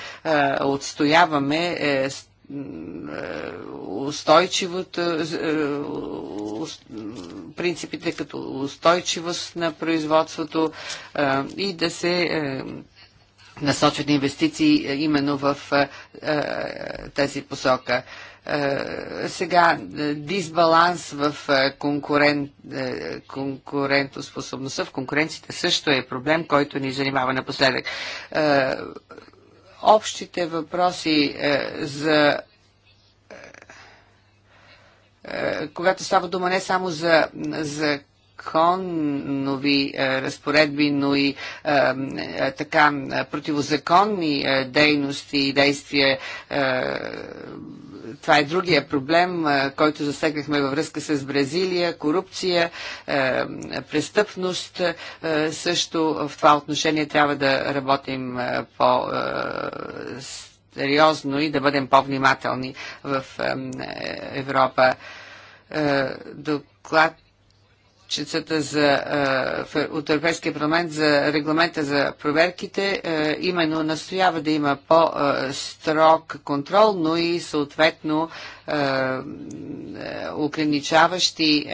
отстояваме устойчивото, принципите като устойчивост на производството и да се насочат инвестиции е, именно в е, е, тази посока сега дисбаланс в конкурент, конкурентоспособността, в конкуренцията също е проблем, който ни занимава напоследък. Общите въпроси за когато става дума не само за, за нови е, разпоредби, но и е, е, така противозаконни дейности и действия това е другия проблем, който засегнахме във връзка с Бразилия, корупция, престъпност. Също в това отношение трябва да работим по сериозно и да бъдем по-внимателни в Европа. Доклад докладчицата за, от Европейския парламент за регламента за проверките именно настоява да има по-строг контрол, но и съответно ограничаващи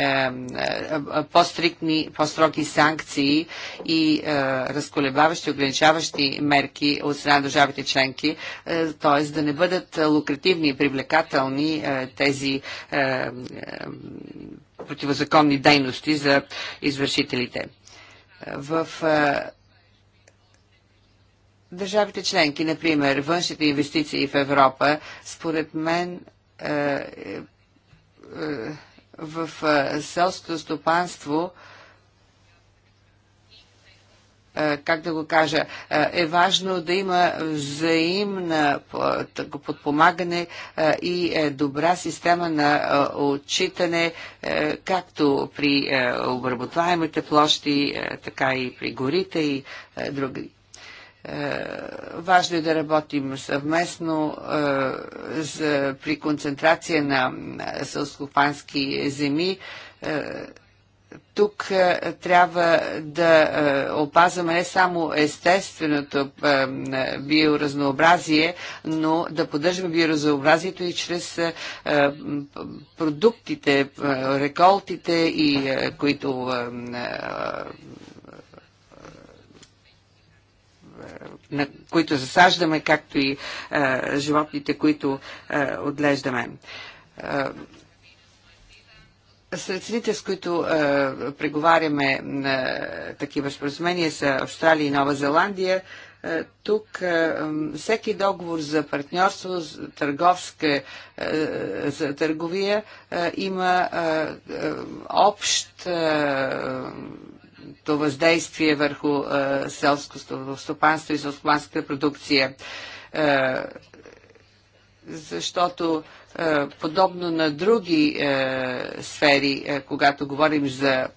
по-стрикни, по-строги санкции и разколебаващи, ограничаващи мерки от страна на държавите членки, т.е. да не бъдат лукративни и привлекателни тези противозаконни дейности за извършителите. В държавите членки, например, външните инвестиции в Европа, според мен е, е, в селското стопанство е, как да го кажа, е, е важно да има взаимна подпомагане е, и добра система на отчитане, както при обработваемите площи, така и при горите и други. Важно е да работим съвместно при концентрация на сълскопански земи тук е, трябва да е, опазваме не само естественото е, биоразнообразие, но да поддържаме биоразнообразието и чрез продуктите, реколтите, и които на които засаждаме, както и животните, които отглеждаме сред страните, с които е, преговаряме е, такива споразумения са Австралия и Нова Зеландия. Е, тук е, всеки договор за партньорство, за търговска, е, за търговия е, има е, е, общ е, то въздействие върху е, селското стопанство и селскоманската продукция. Е, защото е, подобно на други е, сфери, е, когато говорим за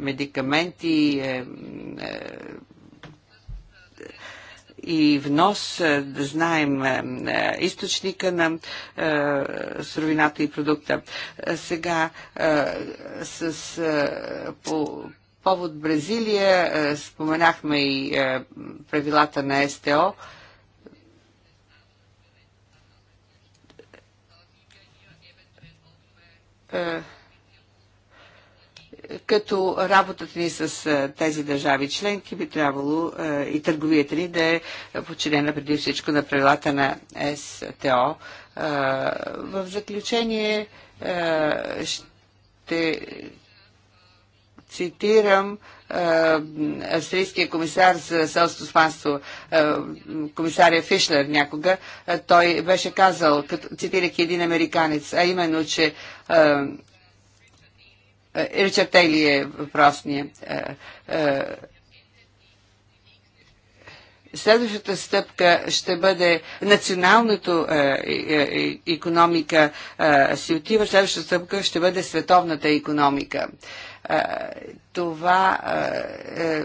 медикаменти, и внос, да знаем източника на суровината и продукта. Сега с по повод Бразилия споменахме и правилата на СТО. Е, като работата ни с е, тези държави членки би трябвало е, и търговията ни да е подчинена преди всичко на правилата на СТО. В заключение ще цитирам е, австрийския комисар за селско спанство, е, комисаря Фишлер някога, е, той беше казал, цитирайки един американец, а именно, че Ричард Тейли е въпросния. Следващата стъпка ще бъде националното е, е, економика е, си отива, следващата стъпка ще бъде световната економика. Е, е, това е, е,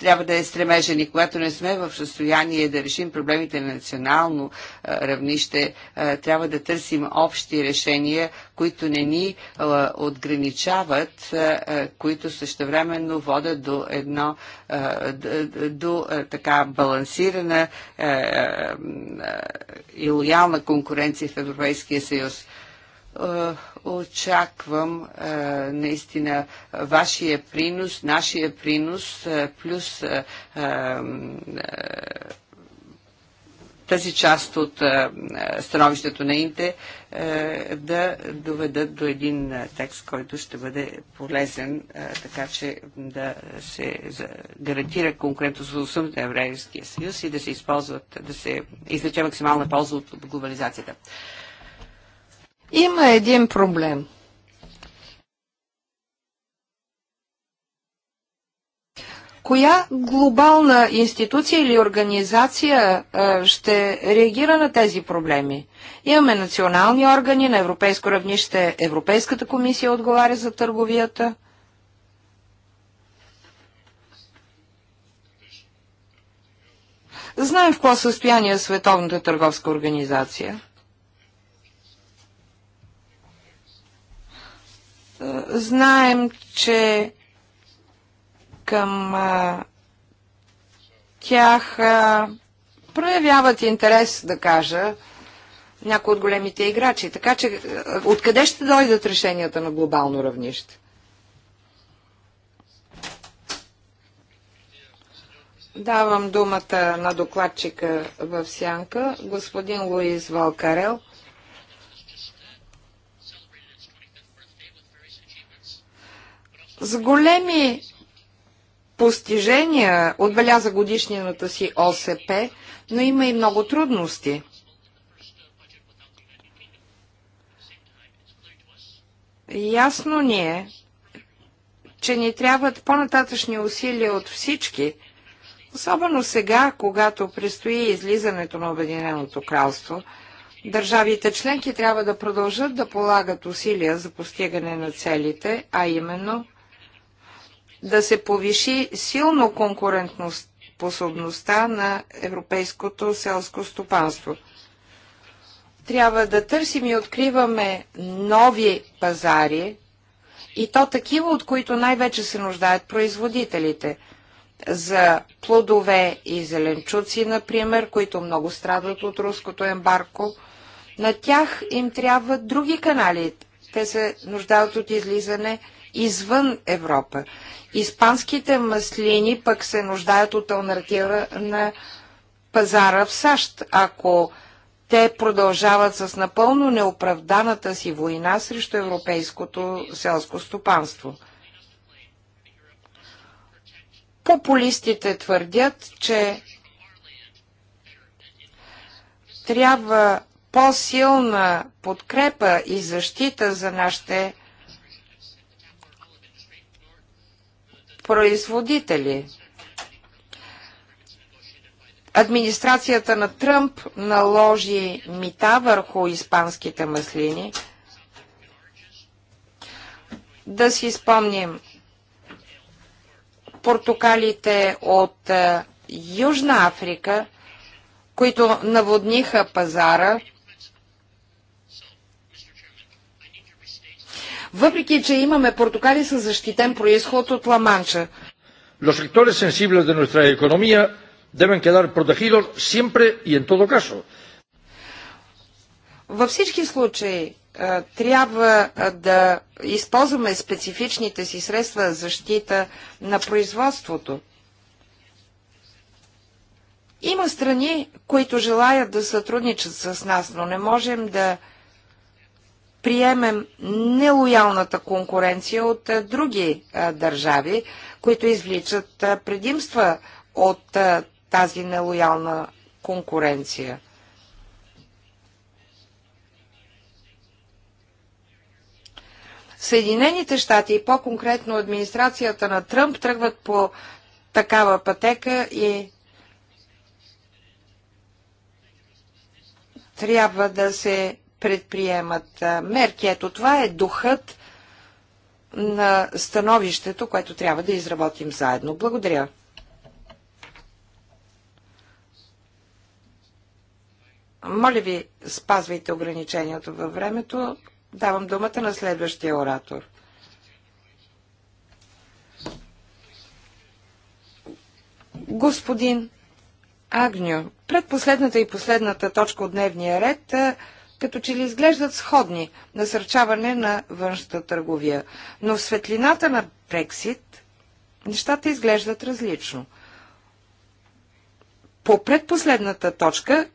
трябва да е стремежен и когато не сме в състояние да решим проблемите на национално равнище, трябва да търсим общи решения, които не ни отграничават, които същевременно водят до едно до така балансирана и лоялна конкуренция в Европейския съюз. Е, очаквам е, наистина вашия принос, нашия принос, е, плюс тази част от становището на Инте да доведат до един текст, който ще бъде полезен, така че да се гарантира конкретно на Еврейския съюз и да се използват, да се извлече максимална полза от глобализацията. Има един проблем. Коя глобална институция или организация ще реагира на тези проблеми? Имаме национални органи на европейско равнище, Европейската комисия отговаря за търговията. Знаем в какво състояние е Световната търговска организация. знаем, че към а, тях а, проявяват интерес, да кажа, някои от големите играчи. Така че откъде ще дойдат решенията на глобално равнище? Давам думата на докладчика в сянка, господин Луис Валкарел – с големи постижения отбеляза годишнината си ОСП, но има и много трудности. Ясно ни е, че ни трябват по-нататъчни усилия от всички, особено сега, когато предстои излизането на Обединеното кралство. Държавите членки трябва да продължат да полагат усилия за постигане на целите, а именно да се повиши силно конкурентоспособността на европейското селско стопанство. Трябва да търсим и откриваме нови пазари, и то такива, от които най-вече се нуждаят производителите. За плодове и зеленчуци, например, които много страдат от руското ембарко, на тях им трябват други канали. Те се нуждаят от излизане извън Европа. Испанските маслини пък се нуждаят от альтернатива на пазара в САЩ, ако те продължават с напълно неоправданата си война срещу европейското селско стопанство. Популистите твърдят, че трябва по-силна подкрепа и защита за нашите производители. Администрацията на Тръмп наложи мита върху испанските маслини. Да си спомним портокалите от е, Южна Африка, които наводниха пазара – въпреки че имаме портокали с защитен происход от Ламанча. Los sectores sensibles de nuestra economía deben quedar protegidos siempre y en todo caso. Във всички случаи трябва да използваме специфичните си средства за защита на производството. Има страни, които желаят да сътрудничат с нас, но не можем да приемем нелоялната конкуренция от други държави, които извличат предимства от тази нелоялна конкуренция. Съединените щати и по-конкретно администрацията на Тръмп тръгват по такава пътека и трябва да се предприемат мерки. Ето това е духът на становището, което трябва да изработим заедно. Благодаря. Моля ви, спазвайте ограничението във времето. Давам думата на следващия оратор. Господин Агню, предпоследната и последната точка от дневния ред като че ли изглеждат сходни насърчаване на външната търговия. Но в светлината на Брексит нещата изглеждат различно. По предпоследната точка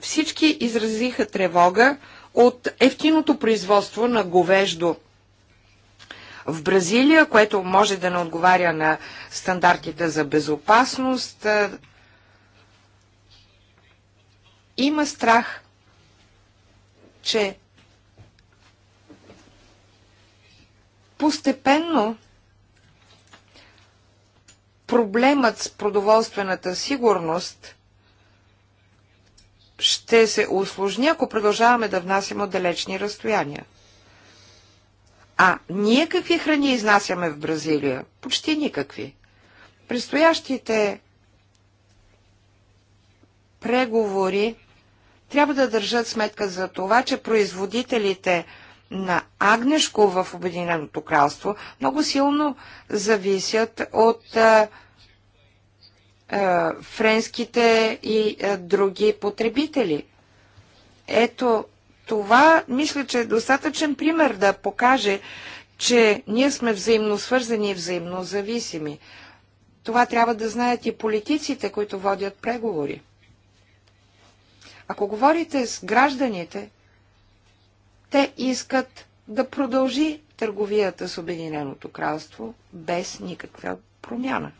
всички изразиха тревога от ефтиното производство на говеждо в Бразилия, което може да не отговаря на стандартите за безопасност. Има страх че постепенно проблемът с продоволствената сигурност ще се усложни, ако продължаваме да внасяме от далечни разстояния. А ние какви храни изнасяме в Бразилия? Почти никакви. Предстоящите преговори трябва да държат сметка за това, че производителите на агнешко в Обединеното кралство много силно зависят от а, а, френските и а, други потребители. Ето това, мисля, че е достатъчен пример да покаже, че ние сме взаимно свързани и взаимно зависими. Това трябва да знаят и политиците, които водят преговори. Ако говорите с гражданите, те искат да продължи търговията с Обединеното кралство без никаква промяна.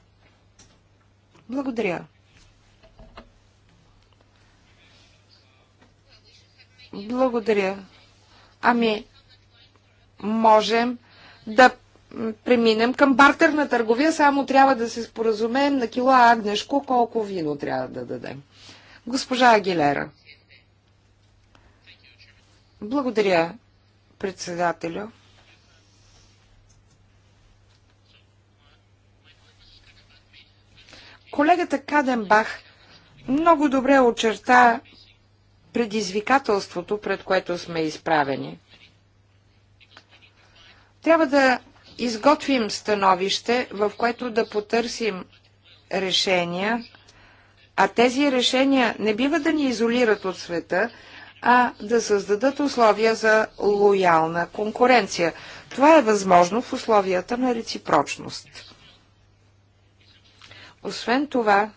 Благодаря. Благодаря. Ами, можем да преминем към бартерна търговия, само трябва да се споразумеем на кила агнешко колко вино трябва да дадем. Госпожа Агилера. Благодаря, председателю. Колегата Каденбах много добре очерта предизвикателството, пред което сме изправени. Трябва да изготвим становище, в което да потърсим решения, а тези решения не бива да ни изолират от света, а да създадат условия за лоялна конкуренция. Това е възможно в условията на реципрочност. Освен това,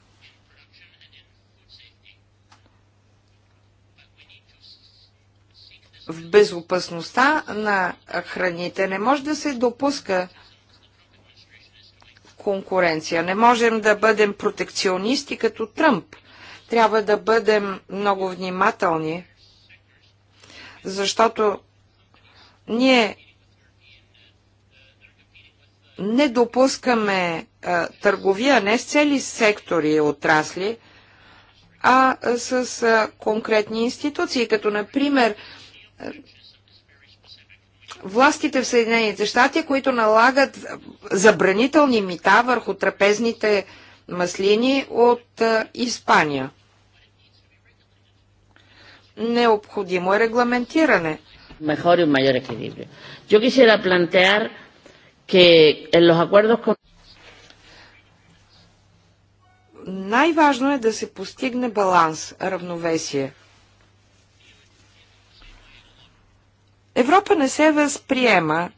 в безопасността на храните не може да се допуска конкуренция. Не можем да бъдем протекционисти като Тръмп. Трябва да бъдем много внимателни защото ние не допускаме а, търговия не с цели сектори и отрасли, а с а, конкретни институции, като например властите в Съединените щати, които налагат забранителни мита върху трапезните маслини от а, Испания. Необходимо е регламентиране. Най-важно е да се постигне баланс, равновесие. Европа не се възприема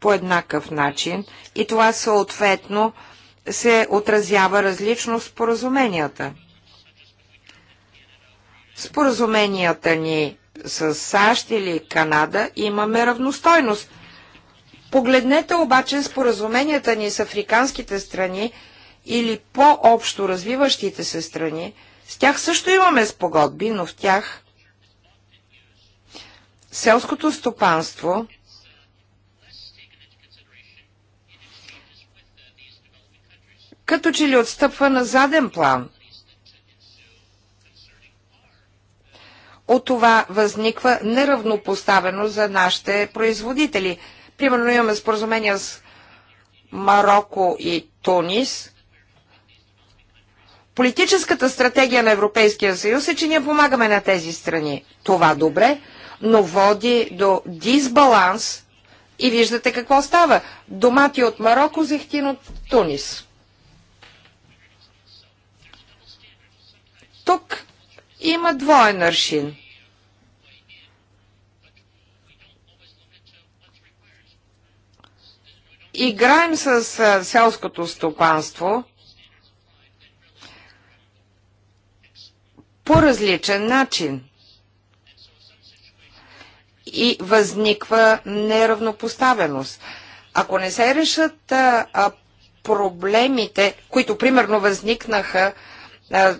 по еднакъв начин и това съответно се отразява различно в споразуменията споразуменията ни с САЩ или Канада имаме равностойност. Погледнете обаче споразуменията ни с африканските страни или по-общо развиващите се страни. С тях също имаме спогодби, но в тях селското стопанство като че ли отстъпва на заден план – От това възниква неравнопоставено за нашите производители. Примерно имаме споразумения с Марокко и Тунис. Политическата стратегия на Европейския съюз е, че ние помагаме на тези страни. Това добре, но води до дисбаланс и виждате какво става. Домати от Марокко, зехтин от Тунис. Тук има двоен аршин. играем с селското стопанство по различен начин и възниква неравнопоставеност. Ако не се решат а, а, проблемите, които примерно възникнаха а,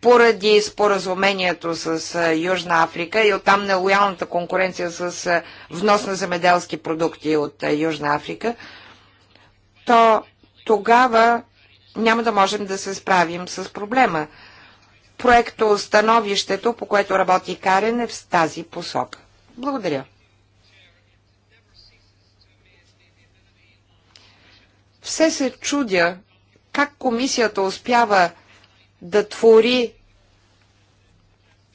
поради споразумението с Южна Африка и оттам нелоялната конкуренция с внос на земеделски продукти от Южна Африка, то тогава няма да можем да се справим с проблема. Проекто становището, по което работи Карен, е в тази посока. Благодаря. Все се чудя как комисията успява да твори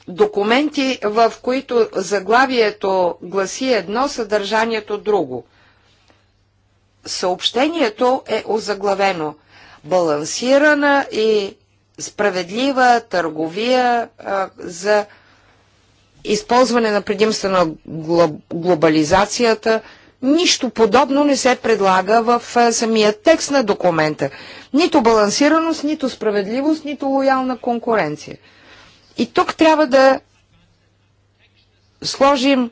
документи, в които заглавието гласи едно, съдържанието друго. Съобщението е озаглавено балансирана и справедлива търговия а, за използване на предимства на глобализацията – Нищо подобно не се предлага в самия текст на документа. Нито балансираност, нито справедливост, нито лоялна конкуренция. И тук трябва да сложим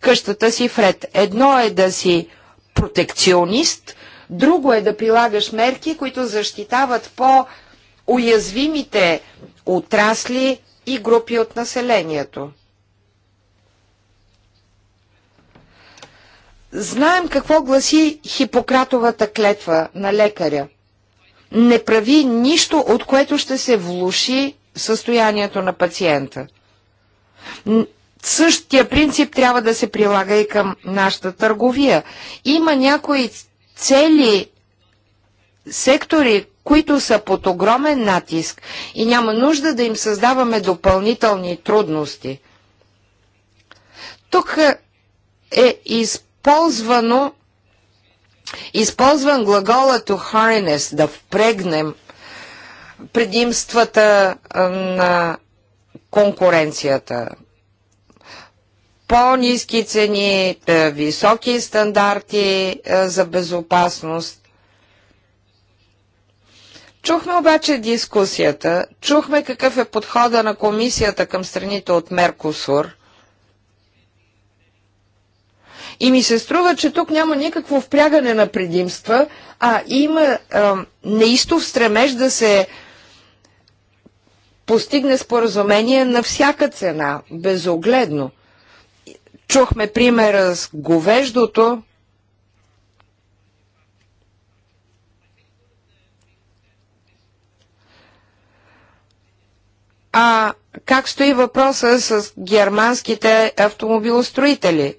къщата си вред. Едно е да си протекционист, друго е да прилагаш мерки, които защитават по-уязвимите отрасли и групи от населението. Знаем какво гласи Хипократовата клетва на лекаря. Не прави нищо, от което ще се влуши състоянието на пациента. Същия принцип трябва да се прилага и към нашата търговия. Има някои цели сектори, които са под огромен натиск и няма нужда да им създаваме допълнителни трудности. Тук е изпълнено използвано, използван глагола to harness, да впрегнем предимствата на конкуренцията. По-низки цени, високи стандарти за безопасност. Чухме обаче дискусията, чухме какъв е подхода на комисията към страните от Меркосур – и ми се струва, че тук няма никакво впрягане на предимства, а има а, неистов стремеж да се постигне споразумение на всяка цена, безогледно. Чухме примера с говеждото. А как стои въпроса с германските автомобилостроители?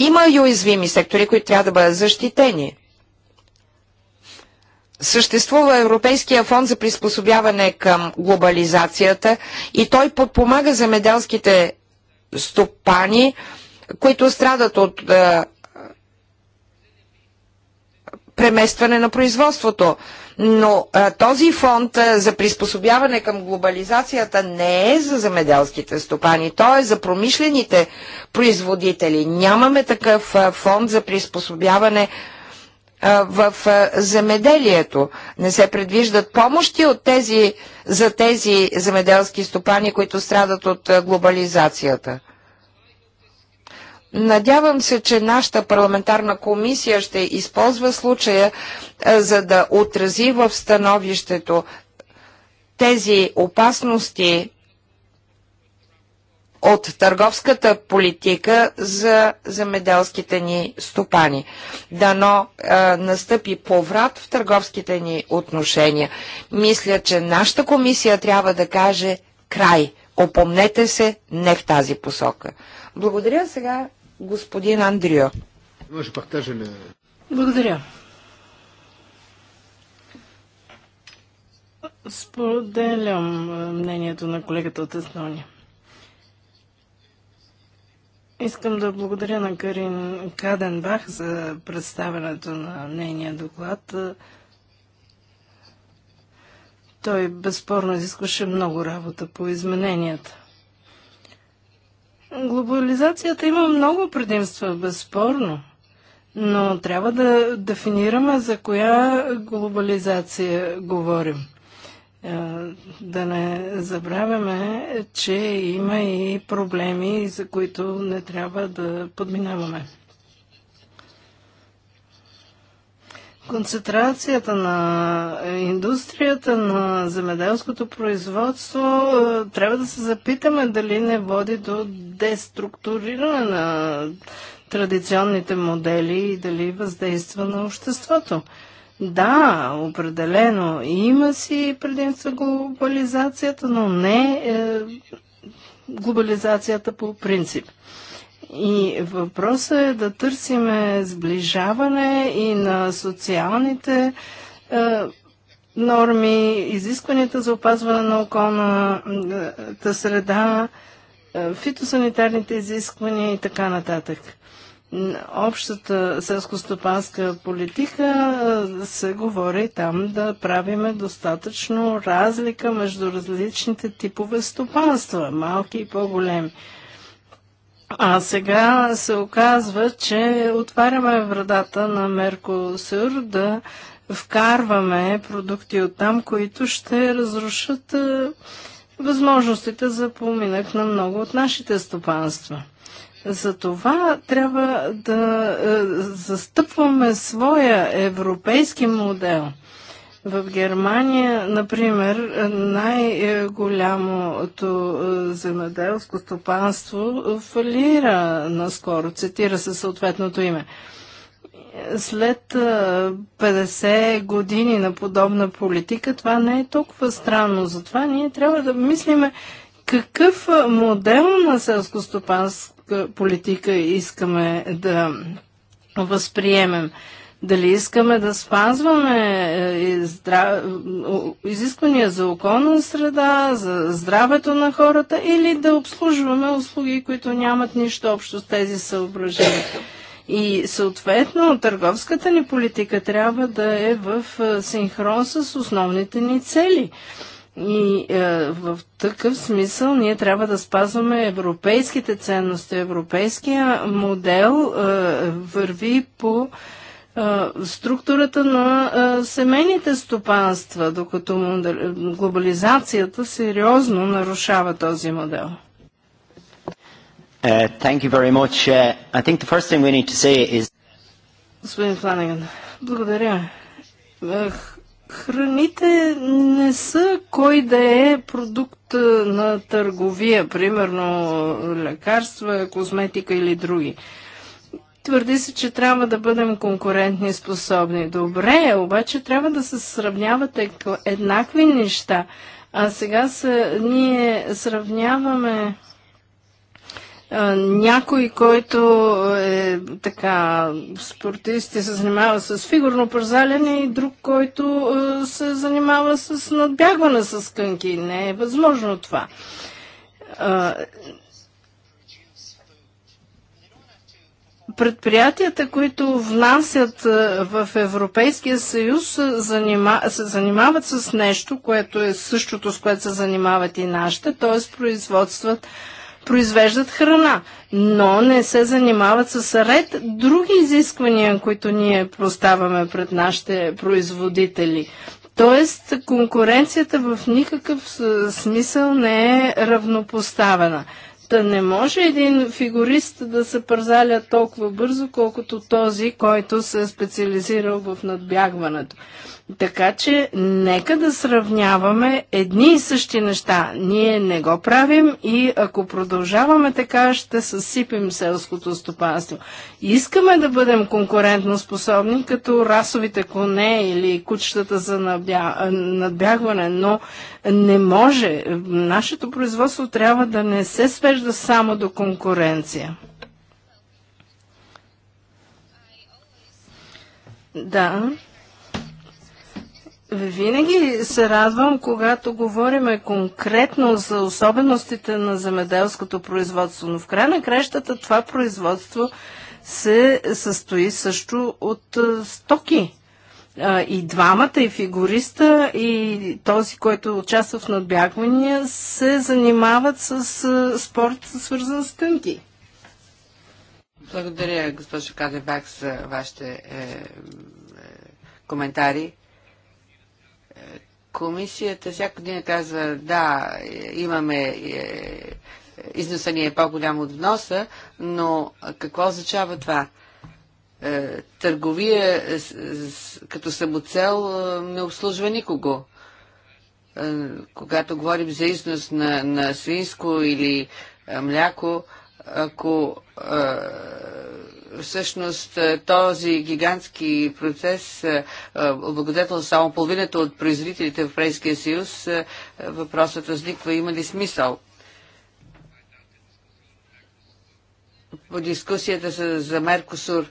Има и уязвими сектори, които трябва да бъдат защитени. Съществува Европейския фонд за приспособяване към глобализацията и той подпомага земеделските стопани, които страдат от е, преместване на производството. Но а, този фонд а, за приспособяване към глобализацията не е за земеделските стопани, то е за промишлените производители. Нямаме такъв а, фонд за приспособяване в земеделието. Не се предвиждат помощи от тези, за тези земеделски стопани, които страдат от глобализацията. Надявам се, че нашата парламентарна комисия ще използва случая, е, за да отрази в становището тези опасности от търговската политика за замеделските ни стопани. Дано е, настъпи поврат в търговските ни отношения. Мисля, че нашата комисия трябва да каже край. Опомнете се не в тази посока. Благодаря сега господин Андрио. Благодаря. Споделям мнението на колегата от Естония. Искам да благодаря на Карин Каденбах за представянето на нейния доклад. Той безспорно изискваше много работа по измененията. Глобализацията има много предимства, безспорно. Но трябва да дефинираме за коя глобализация говорим. Е, да не забравяме, че има и проблеми, за които не трябва да подминаваме. концентрацията на индустрията на земеделското производство, е, трябва да се запитаме дали не води до деструктуриране на традиционните модели и дали въздейства на обществото. Да, определено има си предимства глобализацията, но не е, глобализацията по принцип. И въпросът е да търсиме сближаване и на социалните е, норми, изискванията за опазване на околната среда, е, фитосанитарните изисквания и така нататък общата селскостопанска политика е, се говори там да правиме достатъчно разлика между различните типове стопанства, малки и по-големи. А сега се оказва, че отваряме вратата на Меркосур да вкарваме продукти от там, които ще разрушат възможностите за поминък на много от нашите стопанства. За това трябва да застъпваме своя европейски модел. В Германия, например, най-голямото е, земеделско стопанство фалира наскоро, цитира се съответното име. След 50 е, години на подобна политика това не е толкова странно. Затова ние трябва да мислиме какъв е, модел на селско-стопанска политика искаме да възприемем. Дали искаме да спазваме е, изисквания за околна среда, за здравето на хората или да обслужваме услуги, които нямат нищо общо с тези съображения. И съответно търговската ни политика трябва да е в е, синхрон с основните ни цели. И е, в такъв смисъл ние трябва да спазваме европейските ценности. Европейския модел е, върви по е, структурата на семейните стопанства, докато глобализацията сериозно нарушава този модел. Uh, uh, Господин Фланеган, благодаря. Е, храните не са кой да е продукт на търговия, примерно лекарства, козметика или други. Uh, Твърди се, че трябва да бъдем конкурентни способни. Добре, е, обаче трябва да се сравняват еднакви неща. А сега са, ние сравняваме а, някой, който е така спортист и се занимава с фигурно пързаляне и друг, който а, се занимава с надбягване с кънки. Не е възможно това. А, предприятията, които внасят е, в Европейския съюз, е, занима, се занимават с нещо, което е същото, с което се занимават и нашите, т.е. производстват произвеждат храна, но не се занимават с ред други изисквания, които ние поставяме пред нашите производители. Тоест, конкуренцията в никакъв е, смисъл не е равнопоставена. Та не може един фигурист да се пързаля толкова бързо, колкото този, който се е специализирал в надбягването. Така че нека да сравняваме едни и същи неща. Ние не го правим и ако продължаваме така, ще съсипим селското стопанство. Искаме да бъдем конкурентно способни, като расовите коне или кучетата за надбягване, но не може. Нашето производство трябва да не се свежда само до конкуренция. Да. Винаги се радвам, когато говориме конкретно за особеностите на земеделското производство, но в край на кращата това производство се състои също от стоки. И двамата, и фигуриста, и този, който участва в надбягвания, се занимават с спорт, свързан с тънки. Благодаря, госпожо Кадебак, за вашите е, е, коментари Комисията всяка година казва, да, имаме е, износа ни е по-голям от вноса, но какво означава това? Е, търговия като самоцел е, не обслужва никого. Когато говорим за износ на, на свинско или мляко, ако всъщност е, този гигантски процес е, е, облагодетел само половината от производителите в Европейския съюз, въпросът възниква има ли смисъл? По дискусията за, Меркосур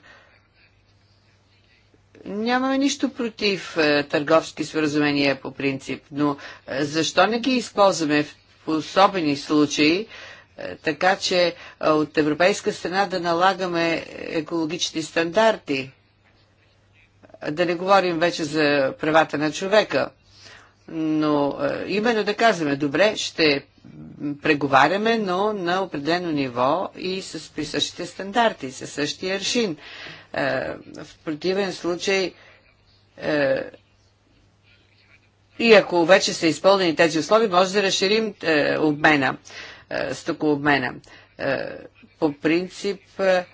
нямаме нищо против търговски споразумения по принцип, но защо не ги използваме в особени случаи, е, така че е, от европейска страна да налагаме екологични стандарти. Да не говорим вече за правата на човека. Но е, именно да казваме, добре, ще преговаряме, но на определено ниво и с присъщите същите стандарти, със същия аршин. В противен случай и ако вече са изпълнени тези условия, може да разширим е, обмена. Е, стокообмена. Е, по принцип, е,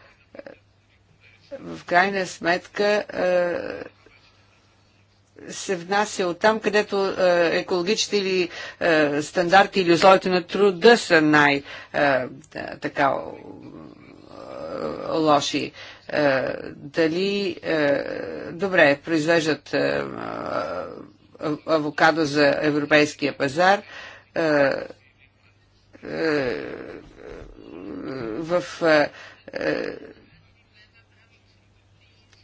в крайна сметка, се внася от там, където е, екологичните или е, стандарти или условията на труда са най-така е, лоши. Дали добре произвеждат авокадо за европейския пазар, в е, е,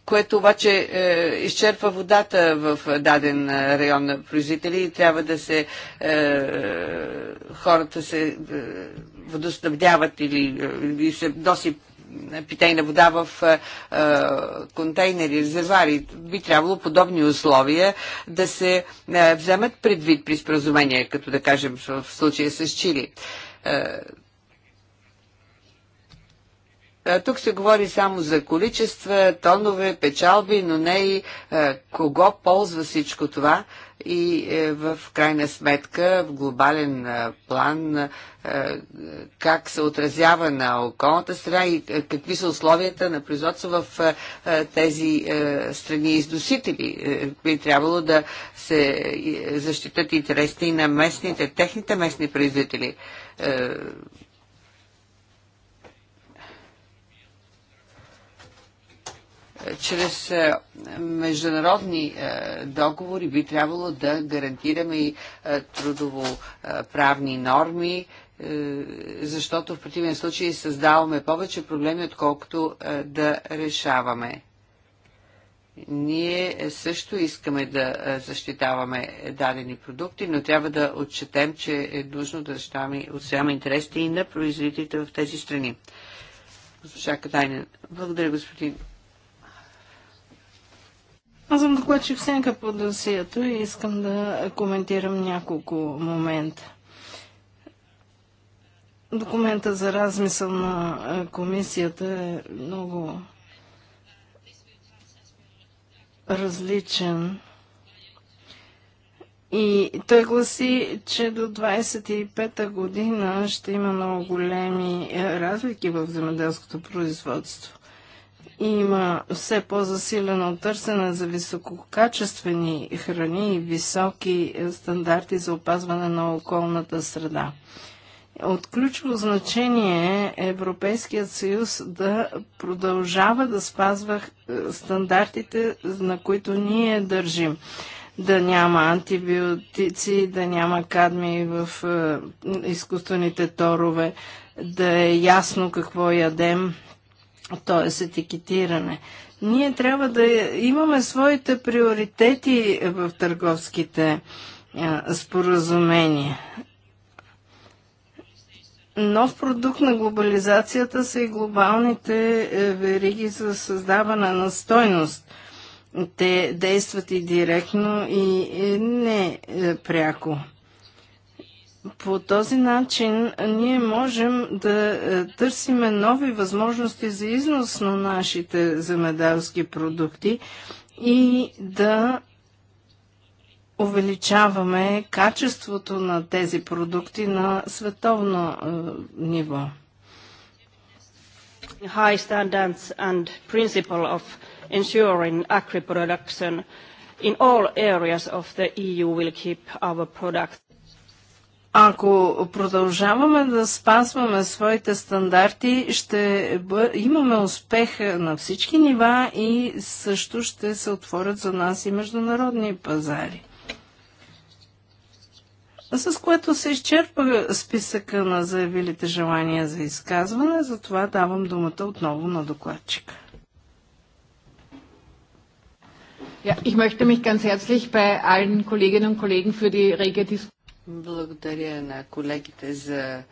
което обаче е, изчерпва водата в даден район на производители и трябва да се е, хората се е, водоснабдяват или, или се носи питейна вода в е, е контейнери, резервари. Би трябвало подобни условия да се е, вземат предвид при споразумение, като да кажем в случая с Чили. Е, е, е, тук се говори само за количества, тонове, печалби, но не и е, кого ползва всичко това и в крайна сметка в глобален план как се отразява на околната страна и какви са условията на производство в тези страни износители. Би трябвало да се защитат интересите и на местните, техните местни производители. Е, чрез е, международни е, договори би трябвало да гарантираме и трудовоправни норми, защото в противен случай създаваме повече проблеми, отколкото да решаваме. Ние също искаме да защитаваме дадени продукти, но трябва да отчетем, че е нужно да защитаваме, сега интересите и на производителите в тези страни. Госпожа Катайнен. Благодаря, господин аз съм докладчик Сенка по досието и искам да коментирам няколко момента. Документа за размисъл на комисията е много различен. И той гласи, че до 25-та година ще има много големи е, разлики в земеделското производство. Има все по-засилено търсене за висококачествени храни и високи е, стандарти за опазване на околната среда. От ключово значение е Европейският съюз да продължава да спазва е, стандартите, на които ние държим. Да няма антибиотици, да няма кадми в е, изкуствените торове, да е ясно какво ядем, т.е. етикетиране. Ние трябва да имаме своите приоритети в търговските е, споразумения. Нов продукт на глобализацията са и глобалните е, вериги за създаване на стойност. Те действат и директно, и не е, пряко. По този начин ние можем да е, търсиме нови възможности за износ на нашите земеделски продукти и да увеличаваме качеството на тези продукти на световно е, ниво. High standards and principle of ensuring agri-production in all areas of the EU will keep our products. Ако продължаваме да спазваме своите стандарти, ще бъ... имаме успех на всички нива и също ще се отворят за нас и международни пазари с което се изчерпа списъка на заявилите желания за изказване, затова давам думата отново на докладчика. Ja, ich möchte mich ganz herzlich bei allen Kolleginnen und Kollegen für die rege Благодаря на колегите за е,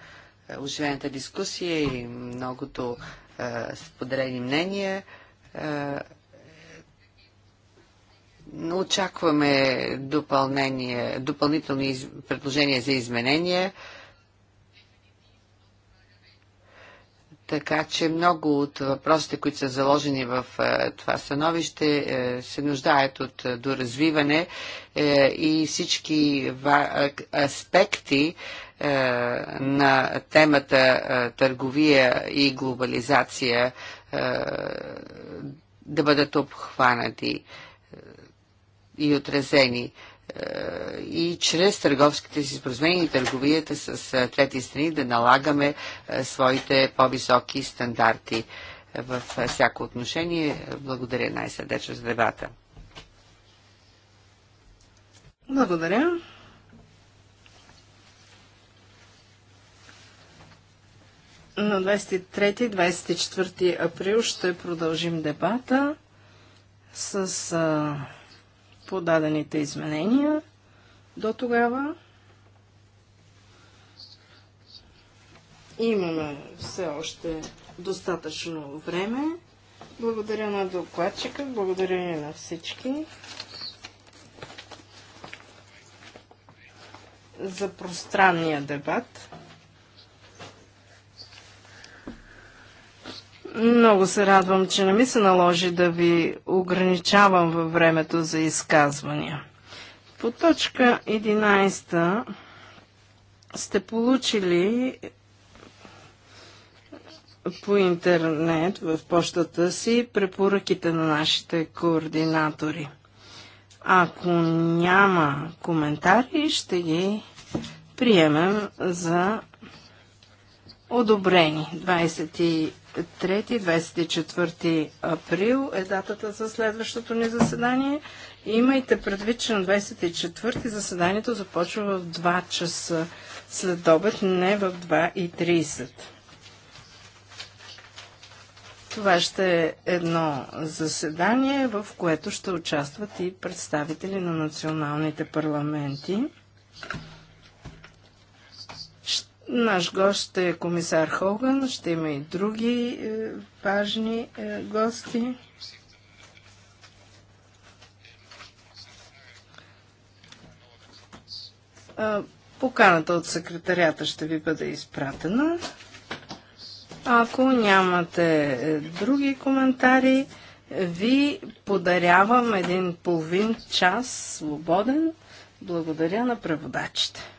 оживената дискусия и многото е, споделени мнения. Е, Очакваме допълнителни из... предложения за изменения. Така че много от въпросите, които са заложени в е, това становище, е, се нуждаят от е, доразвиване и всички аспекти на темата търговия и глобализация да бъдат обхванати и отразени е, и чрез търговските си споразумения и търговията с е, трети страни да налагаме е, своите по-високи стандарти в всяко отношение. Благодаря най-сърдечно за дебата. Благодаря. На 23-24 април ще продължим дебата с подадените изменения. До тогава имаме все още достатъчно време. Благодаря на докладчика, благодаря и на всички. за пространния дебат. Много се радвам, че не ми се наложи да ви ограничавам във времето за изказвания. По точка 11 сте получили по интернет в почтата си препоръките на нашите координатори. Ако няма коментари, ще ги приемем за одобрени. 23-24 април е датата за следващото ни заседание. Имайте предвид, че на 24 заседанието започва в 2 часа след обед, не в 2.30. Това ще е едно заседание, в което ще участват и представители на националните парламенти. Наш гост е комисар Хоган, ще има и други е, важни е, гости. Поканата от секретарята ще ви бъде изпратена. Ако нямате е, други коментари, ви подарявам един половин час свободен. Благодаря на преводачите.